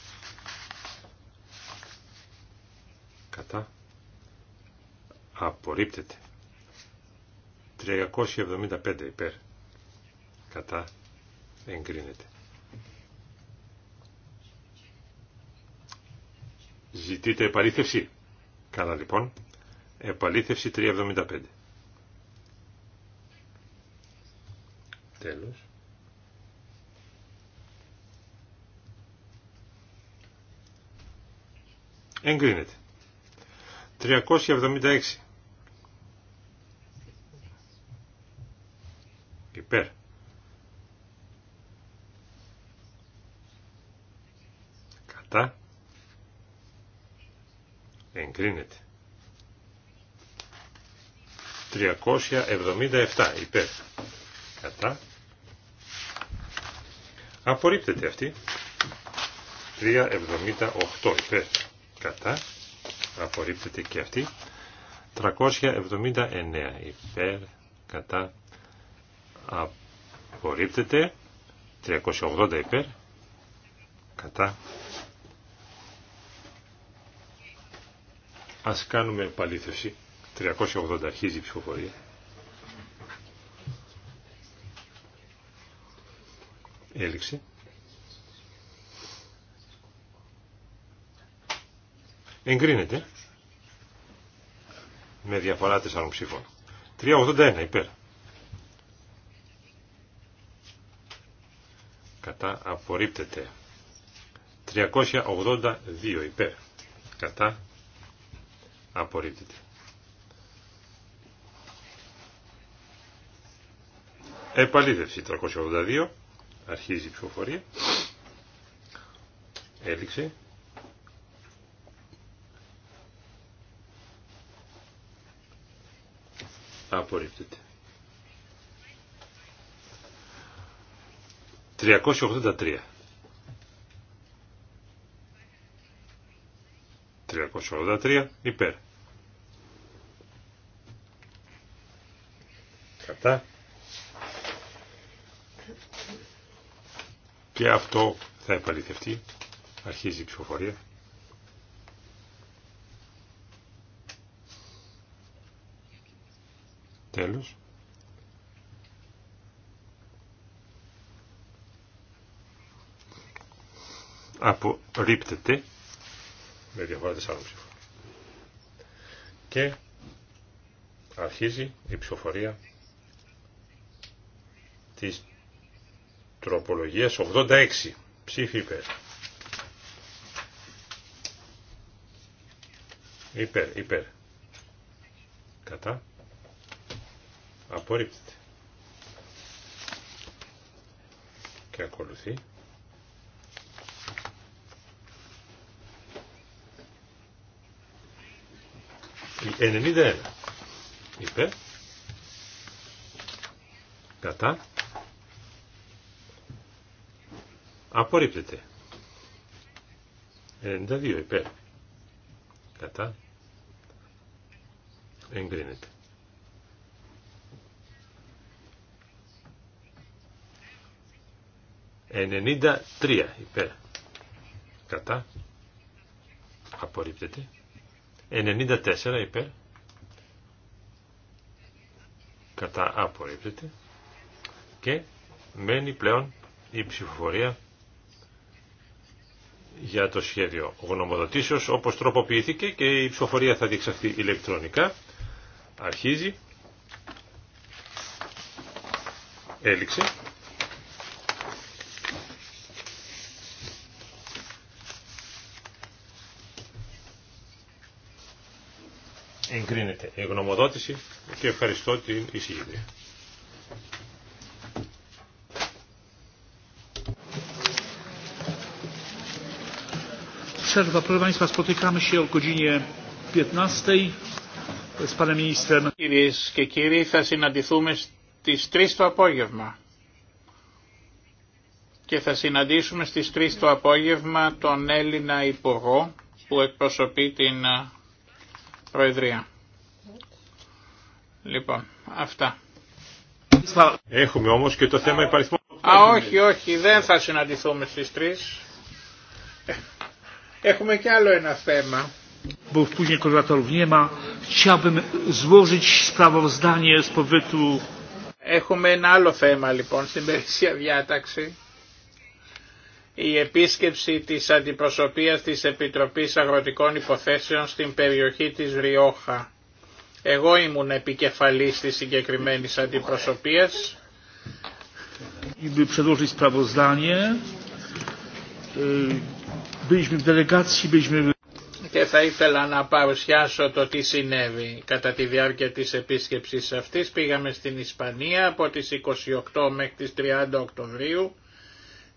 απορρίπτεται 375 υπέρ κατά εγκρίνεται ζητείτε επαλήθευση καλά λοιπόν επαλήθευση 375 τέλος εγκρίνεται 376 υπέρ. Κατά. Εγκρίνεται. 377 υπέρ. Κατά. Απορρίπτεται αυτή. 378 υπέρ. Κατά. Απορρίπτεται και αυτή. 379 υπέρ. Κατά απορρίπτεται 380 υπέρ κατά ας κάνουμε επαλήθευση 380 αρχίζει η ψηφοφορία έληξε εγκρίνεται με διαφορά τεσσάρων ψήφων 381 υπέρ κατά απορρίπτεται 382 υπέρ κατά απορρίπτεται επαλήθευση 382 αρχίζει η ψηφοφορία έληξε απορρίπτεται 383. 383 υπέρ. Κατά. Και αυτό θα επαληθευτεί. Αρχίζει η ψηφοφορία. Τέλος. απορρίπτεται με διαφορά τεσσάρων ψήφων. Και αρχίζει η ψηφοφορία της τροπολογίας 86 ψήφι υπέρ. Υπέρ, υπέρ. Κατά. Απορρίπτεται. Και ακολουθεί 91. Υπέρ. Κατά. Απορρίπτεται. 92. Υπέρ. Κατά. Εγκρίνεται. 93 υπέρ. Κατά. Απορρίπτεται. 94 υπέρ. Κατά απορρίπτεται. Και μένει πλέον η ψηφοφορία για το σχέδιο γνωμοδοτήσεως όπως τροποποιήθηκε και η ψηφοφορία θα διεξαχθεί ηλεκτρονικά. Αρχίζει. Έληξε. εγκρίνεται η γνωμοδότηση και ευχαριστώ την εισηγήτρια. Przerwa, proszę Państwa, spotykamy się o godzinie 15 z Panem Ministrem. Κυρίες και κύριοι, θα συναντηθούμε στις 3 το απόγευμα και θα συναντήσουμε στις 3 το απόγευμα τον Έλληνα Υπουργό που εκπροσωπεί την ε, Προεδρία. Λοιπόν, αυτά. Έχουμε όμως και το θέμα υπαριθμό. Α, όχι, όχι, δεν θα συναντηθούμε στις τρεις. Ε, έχουμε και άλλο ένα θέμα. Bo później koordynatorów nie ma. Chciałbym złożyć sprawozdanie z Έχουμε ένα άλλο θέμα λοιπόν στην περισσία διάταξη. Η επίσκεψη της αντιπροσωπείας της Επιτροπής Αγροτικών Υποθέσεων στην περιοχή της Ριόχα. Εγώ ήμουν επικεφαλής της συγκεκριμένης αντιπροσωπείας. Και θα ήθελα να παρουσιάσω το τι συνέβη. Κατά τη διάρκεια της επίσκεψης αυτής πήγαμε στην Ισπανία από τις 28 μέχρι τις 30 Οκτωβρίου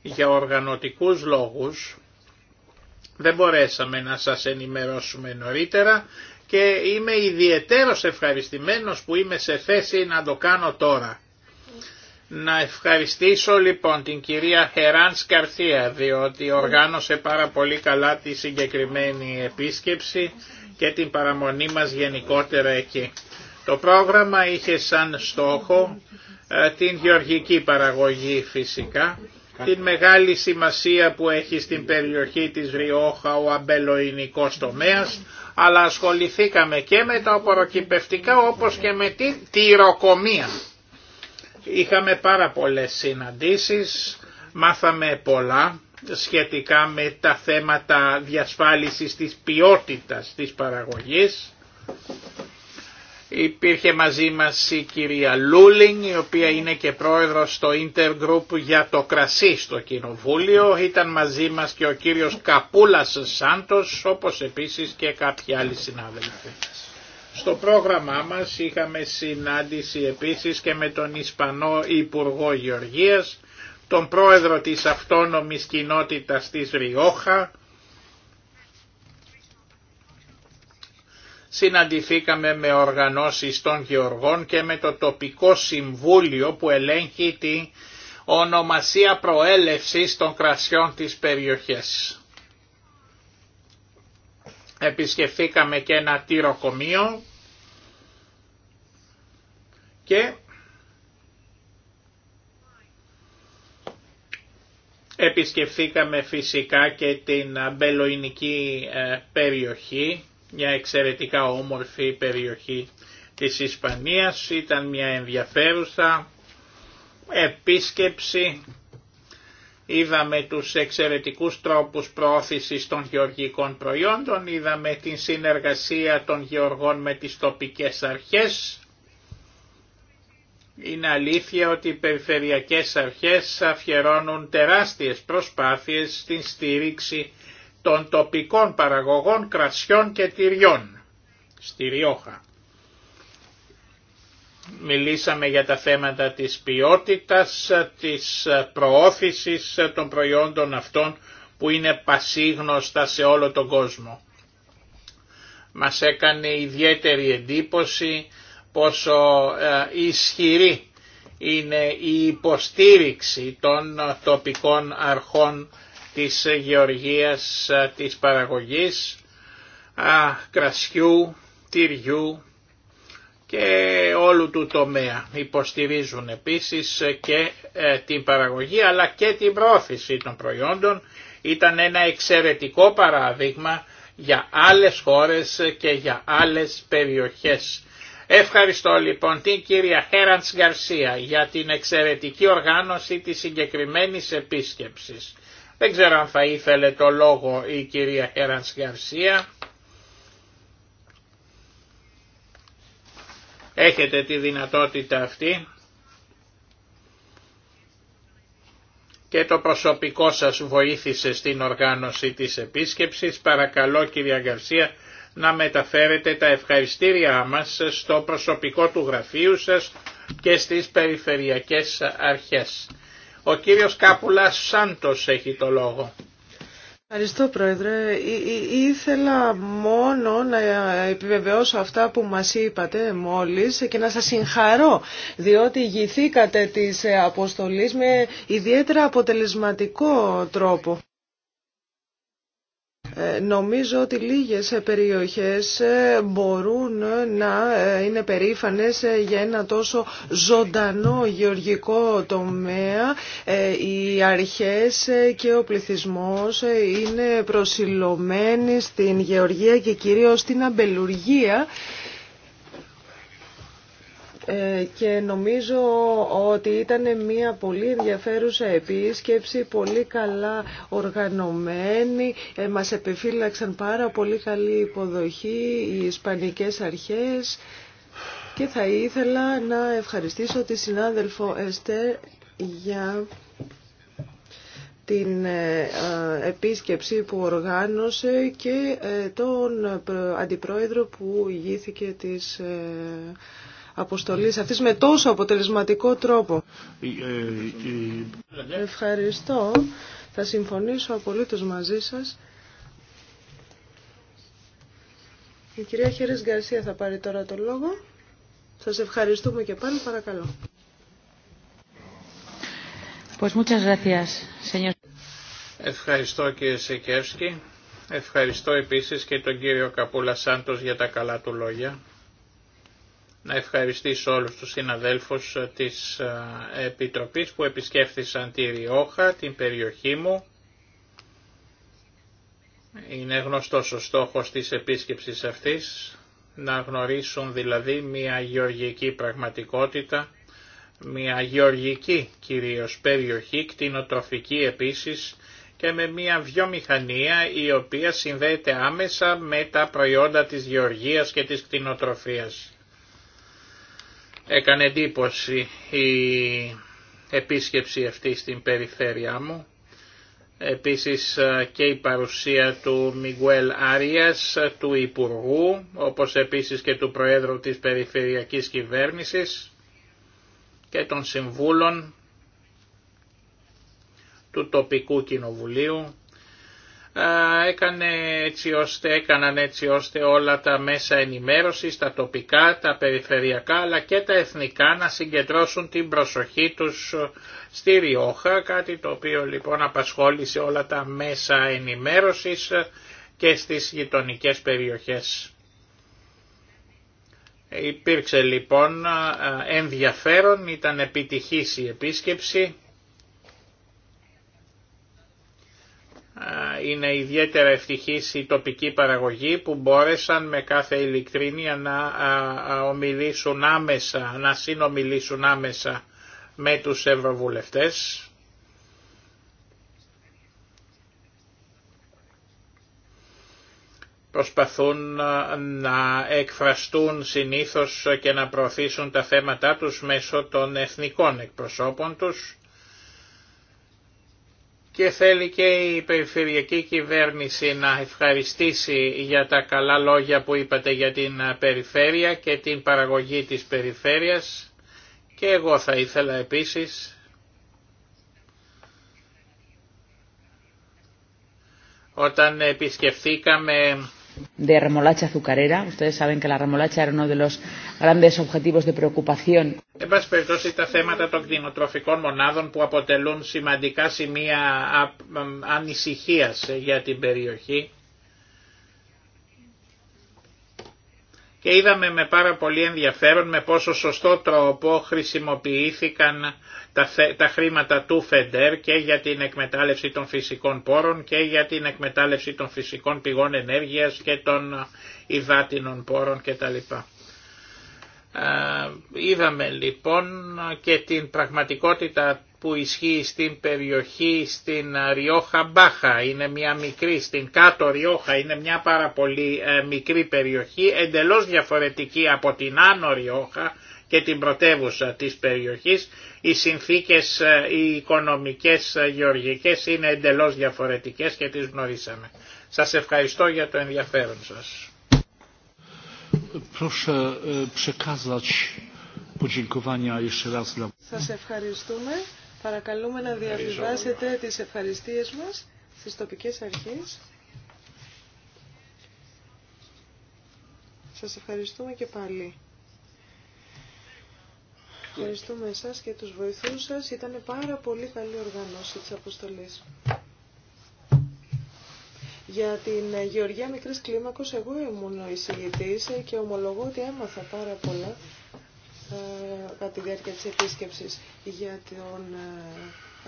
για οργανωτικούς λόγους. Δεν μπορέσαμε να σας ενημερώσουμε νωρίτερα και είμαι ιδιαιτέρως ευχαριστημένος που είμαι σε θέση να το κάνω τώρα. Να ευχαριστήσω λοιπόν την κυρία Χεράν Σκαρθία διότι οργάνωσε πάρα πολύ καλά τη συγκεκριμένη επίσκεψη και την παραμονή μας γενικότερα εκεί. Το πρόγραμμα είχε σαν στόχο ε, την γεωργική παραγωγή φυσικά, την μεγάλη σημασία που έχει στην περιοχή της Ριόχα ο αμπελοϊνικός τομέας, αλλά ασχοληθήκαμε και με τα οποροκυπευτικά όπως και με τη τυροκομεία. Είχαμε πάρα πολλές συναντήσεις, μάθαμε πολλά σχετικά με τα θέματα διασφάλισης της ποιότητας της παραγωγής Υπήρχε μαζί μας η κυρία Λούλινγκ η οποία είναι και πρόεδρος στο Intergroup για το κρασί στο Κοινοβούλιο. Ήταν μαζί μας και ο κύριος Καπούλας Σάντος όπως επίσης και κάποιοι άλλοι συνάδελφοι. Στο πρόγραμμά μας είχαμε συνάντηση επίσης και με τον Ισπανό Υπουργό Γεωργίας, τον πρόεδρο της αυτόνομης κοινότητας της Ριόχα, συναντηθήκαμε με οργανώσεις των γεωργών και με το τοπικό συμβούλιο που ελέγχει τη ονομασία προέλευσης των κρασιών της περιοχής. Επισκεφθήκαμε και ένα τυροκομείο και επισκεφθήκαμε φυσικά και την μπελοϊνική ε, περιοχή μια εξαιρετικά όμορφη περιοχή της Ισπανίας. Ήταν μια ενδιαφέρουσα επίσκεψη. Είδαμε τους εξαιρετικούς τρόπους προώθησης των γεωργικών προϊόντων, είδαμε την συνεργασία των γεωργών με τις τοπικές αρχές. Είναι αλήθεια ότι οι περιφερειακές αρχές αφιερώνουν τεράστιες προσπάθειες στην στήριξη των τοπικών παραγωγών κρασιών και τυριών στη Ριόχα. Μιλήσαμε για τα θέματα της ποιότητας, της προώθησης των προϊόντων αυτών που είναι πασίγνωστα σε όλο τον κόσμο. Μας έκανε ιδιαίτερη εντύπωση πόσο ε, ισχυρή είναι η υποστήριξη των τοπικών αρχών της γεωργίας της παραγωγής, κρασιού, τυριού και όλου του τομέα. Υποστηρίζουν επίσης και ε, την παραγωγή αλλά και την πρόθεση των προϊόντων. Ήταν ένα εξαιρετικό παράδειγμα για άλλες χώρες και για άλλες περιοχές. Ευχαριστώ λοιπόν την κυρία Χέραντς Γκαρσία για την εξαιρετική οργάνωση της συγκεκριμένης επίσκεψης. Δεν ξέρω αν θα ήθελε το λόγο η κυρία Χέρανς Γαρσία. Έχετε τη δυνατότητα αυτή και το προσωπικό σας βοήθησε στην οργάνωση της επίσκεψης. Παρακαλώ κυρία Γκαρσία να μεταφέρετε τα ευχαριστήριά μας στο προσωπικό του γραφείου σας και στις περιφερειακές αρχές. Ο κύριος Κάπουλα Σάντος έχει το λόγο. Ευχαριστώ Πρόεδρε. ήθελα μόνο να επιβεβαιώσω αυτά που μας είπατε μόλις και να σας συγχαρώ διότι γηθήκατε της αποστολής με ιδιαίτερα αποτελεσματικό τρόπο. Ε, νομίζω ότι λίγες ε, περιοχές ε, μπορούν να είναι περήφανες για ένα τόσο ζωντανό γεωργικό τομέα. Οι αρχές και ο πληθυσμός είναι προσιλωμένοι στην γεωργία και κυρίως στην αμπελουργία ε, και νομίζω ότι ήταν μια πολύ ενδιαφέρουσα επίσκεψη, πολύ καλά οργανωμένη. Ε, μας επιφύλαξαν πάρα πολύ καλή υποδοχή οι Ισπανικές αρχές και θα ήθελα να ευχαριστήσω τη συνάδελφο Εστέρ για την ε, επίσκεψη που οργάνωσε και τον αντιπρόεδρο που ηγήθηκε της αποστολή αυτής με τόσο αποτελεσματικό τρόπο. Ε, Ευχαριστώ. Θα συμφωνήσω απολύτως μαζί σας. Η κυρία Χέρι Γκαρσία θα πάρει τώρα το λόγο. Σας ευχαριστούμε και πάλι, παρακαλώ. Ευχαριστώ κύριε Σεκεύσκη. Ευχαριστώ επίσης και τον κύριο Καπούλα Σάντος για τα καλά του λόγια να ευχαριστήσω όλους τους συναδέλφους ε, της ε, Επιτροπής που επισκέφθησαν τη Ριόχα, την περιοχή μου. Είναι γνωστός ο στόχος της επίσκεψης αυτής, να γνωρίσουν δηλαδή μια γεωργική πραγματικότητα, μια γεωργική κυρίως περιοχή, κτηνοτροφική επίσης, και με μια βιομηχανία η οποία συνδέεται άμεσα με τα προϊόντα της γεωργίας και της κτηνοτροφίας. Έκανε εντύπωση η επίσκεψη αυτή στην περιφέρειά μου. Επίσης ε, και η παρουσία του Μιγουέλ Άριας, του Υπουργού, όπως επίσης και του Προέδρου της Περιφερειακής Κυβέρνησης και των Συμβούλων του Τοπικού Κοινοβουλίου έκανε έτσι ώστε, έκαναν έτσι ώστε όλα τα μέσα ενημέρωσης, τα τοπικά, τα περιφερειακά αλλά και τα εθνικά να συγκεντρώσουν την προσοχή τους στη Ριόχα, κάτι το οποίο λοιπόν απασχόλησε όλα τα μέσα ενημέρωσης και στις γειτονικές περιοχές. Υπήρξε λοιπόν ενδιαφέρον, ήταν επιτυχής η επίσκεψη είναι ιδιαίτερα ευτυχής η τοπική παραγωγή που μπόρεσαν με κάθε ειλικρίνεια να ομιλήσουν άμεσα, να συνομιλήσουν άμεσα με τους ευρωβουλευτές. Προσπαθούν να εκφραστούν συνήθως και να προωθήσουν τα θέματα τους μέσω των εθνικών εκπροσώπων τους και θέλει και η περιφερειακή κυβέρνηση να ευχαριστήσει για τα καλά λόγια που είπατε για την περιφέρεια και την παραγωγή της περιφέρειας και εγώ θα ήθελα επίσης όταν επισκεφθήκαμε de Εν πάση περιπτώσει τα θέματα των κτηνοτροφικών μονάδων που αποτελούν σημαντικά σημεία ανησυχίας για την περιοχή και είδαμε με πάρα πολύ ενδιαφέρον με πόσο σωστό τρόπο χρησιμοποιήθηκαν τα, τα χρήματα του ΦΕΝΤΕΡ και για την εκμετάλλευση των φυσικών πόρων και για την εκμετάλλευση των φυσικών πηγών ενέργειας και των υδάτινων πόρων κτλ. Ε, είδαμε λοιπόν και την πραγματικότητα που ισχύει στην περιοχή στην Ριόχα ε, Μπάχα, είναι μια μικρή, στην κάτω Ριόχα είναι μια πάρα πολύ ε, μικρή περιοχή, εντελώς διαφορετική από την Άνω Ριόχα και την πρωτεύουσα της περιοχής, οι συνθήκες, ε, οι οικονομικές, γεωργικές είναι εντελώς διαφορετικές και τις γνωρίσαμε. Σας ευχαριστώ για το ενδιαφέρον σας. Σας ευχαριστούμε. Παρακαλούμε να διαβιβάσετε τις ευχαριστίες μας στις τοπικές αρχές. Σας ευχαριστούμε και πάλι. Ευχαριστούμε εσάς και τους βοηθούς σας. Ήταν πάρα πολύ καλή οργάνωση της αποστολής. Για την Γεωργία Μικρής Κλίμακος εγώ ήμουν ο εισηγητής και ομολογώ ότι έμαθα πάρα πολλά. Ε, κατά τη διάρκεια της επίσκεψης για τον ε,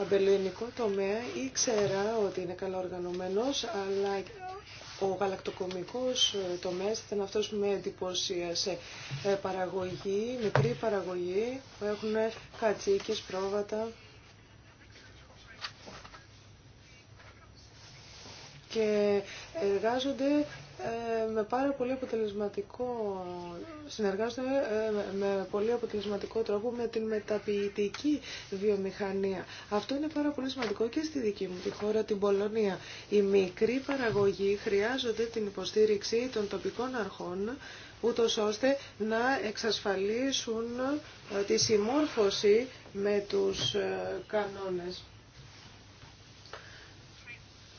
αμπελίνικο τομέα. Ήξερα ότι είναι καλά οργανωμένος, αλλά ο γαλακτοκομικός ε, τομέας ήταν αυτός που με εντυπωσίασε. παραγωγή, μικρή παραγωγή, που έχουν κατσίκες, πρόβατα. και εργάζονται ε, με πάρα πολύ αποτελεσματικό, συνεργάζονται ε, με πολύ αποτελεσματικό τρόπο με την μεταποιητική βιομηχανία. Αυτό είναι πάρα πολύ σημαντικό και στη δική μου τη χώρα, την Πολωνία. Οι μικροί παραγωγοί χρειάζονται την υποστήριξη των τοπικών αρχών, ούτω ώστε να εξασφαλίσουν ε, τη συμμόρφωση με τους κανόνες.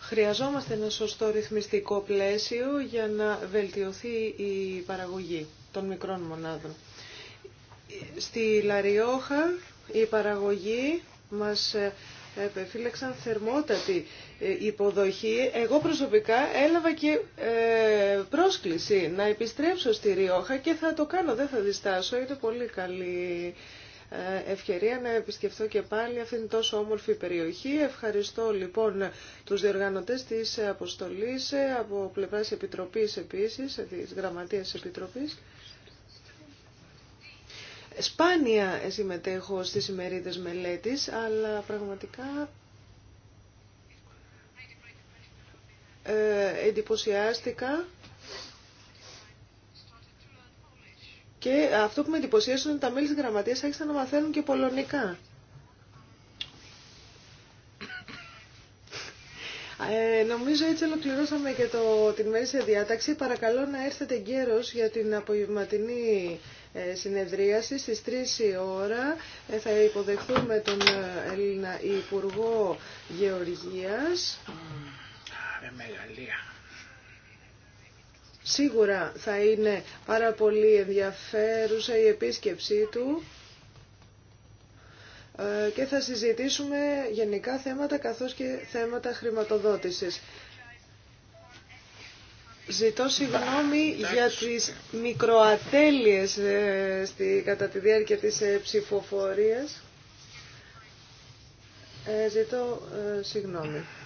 Χρειαζόμαστε ένα σωστό ρυθμιστικό πλαίσιο για να βελτιωθεί η παραγωγή των μικρών μονάδων. Στη Λαριόχα η παραγωγή μας ε, επεφύλαξαν θερμότατη ε, υποδοχή. Εγώ προσωπικά έλαβα και ε, πρόσκληση να επιστρέψω στη Ριόχα και θα το κάνω, δεν θα διστάσω, είναι πολύ καλή ε, ευκαιρία να επισκεφθώ και πάλι αυτήν την τόσο όμορφη περιοχή. Ευχαριστώ λοιπόν τους διοργανωτές της αποστολής από πλευράς Επιτροπής επίσης, της Γραμματείας Επιτροπής. Σπάνια συμμετέχω στις ημερίδες μελέτης, αλλά πραγματικά ε, εντυπωσιάστηκα Και αυτό που με εντυπωσίασε είναι ότι τα μέλη της γραμματείας άρχισαν να μαθαίνουν και πολωνικά. Ε, νομίζω έτσι ολοκληρώσαμε και το, την μέση διάταξη. Παρακαλώ να έρθετε γέρος για την απογευματινή ε, συνεδρίαση στις 3 η ώρα. Ε, θα υποδεχθούμε τον ε, Έλληνα Υπουργό Γεωργίας. Άρα, μεγαλία. Σίγουρα θα είναι πάρα πολύ ενδιαφέρουσα η επίσκεψή του ε, και θα συζητήσουμε γενικά θέματα καθώς και θέματα χρηματοδότησης. Ζητώ συγγνώμη για τις μικροατέλειες ε, στη, κατά τη διάρκεια της ε, ψηφοφορίας. ζητώ συγγνώμη.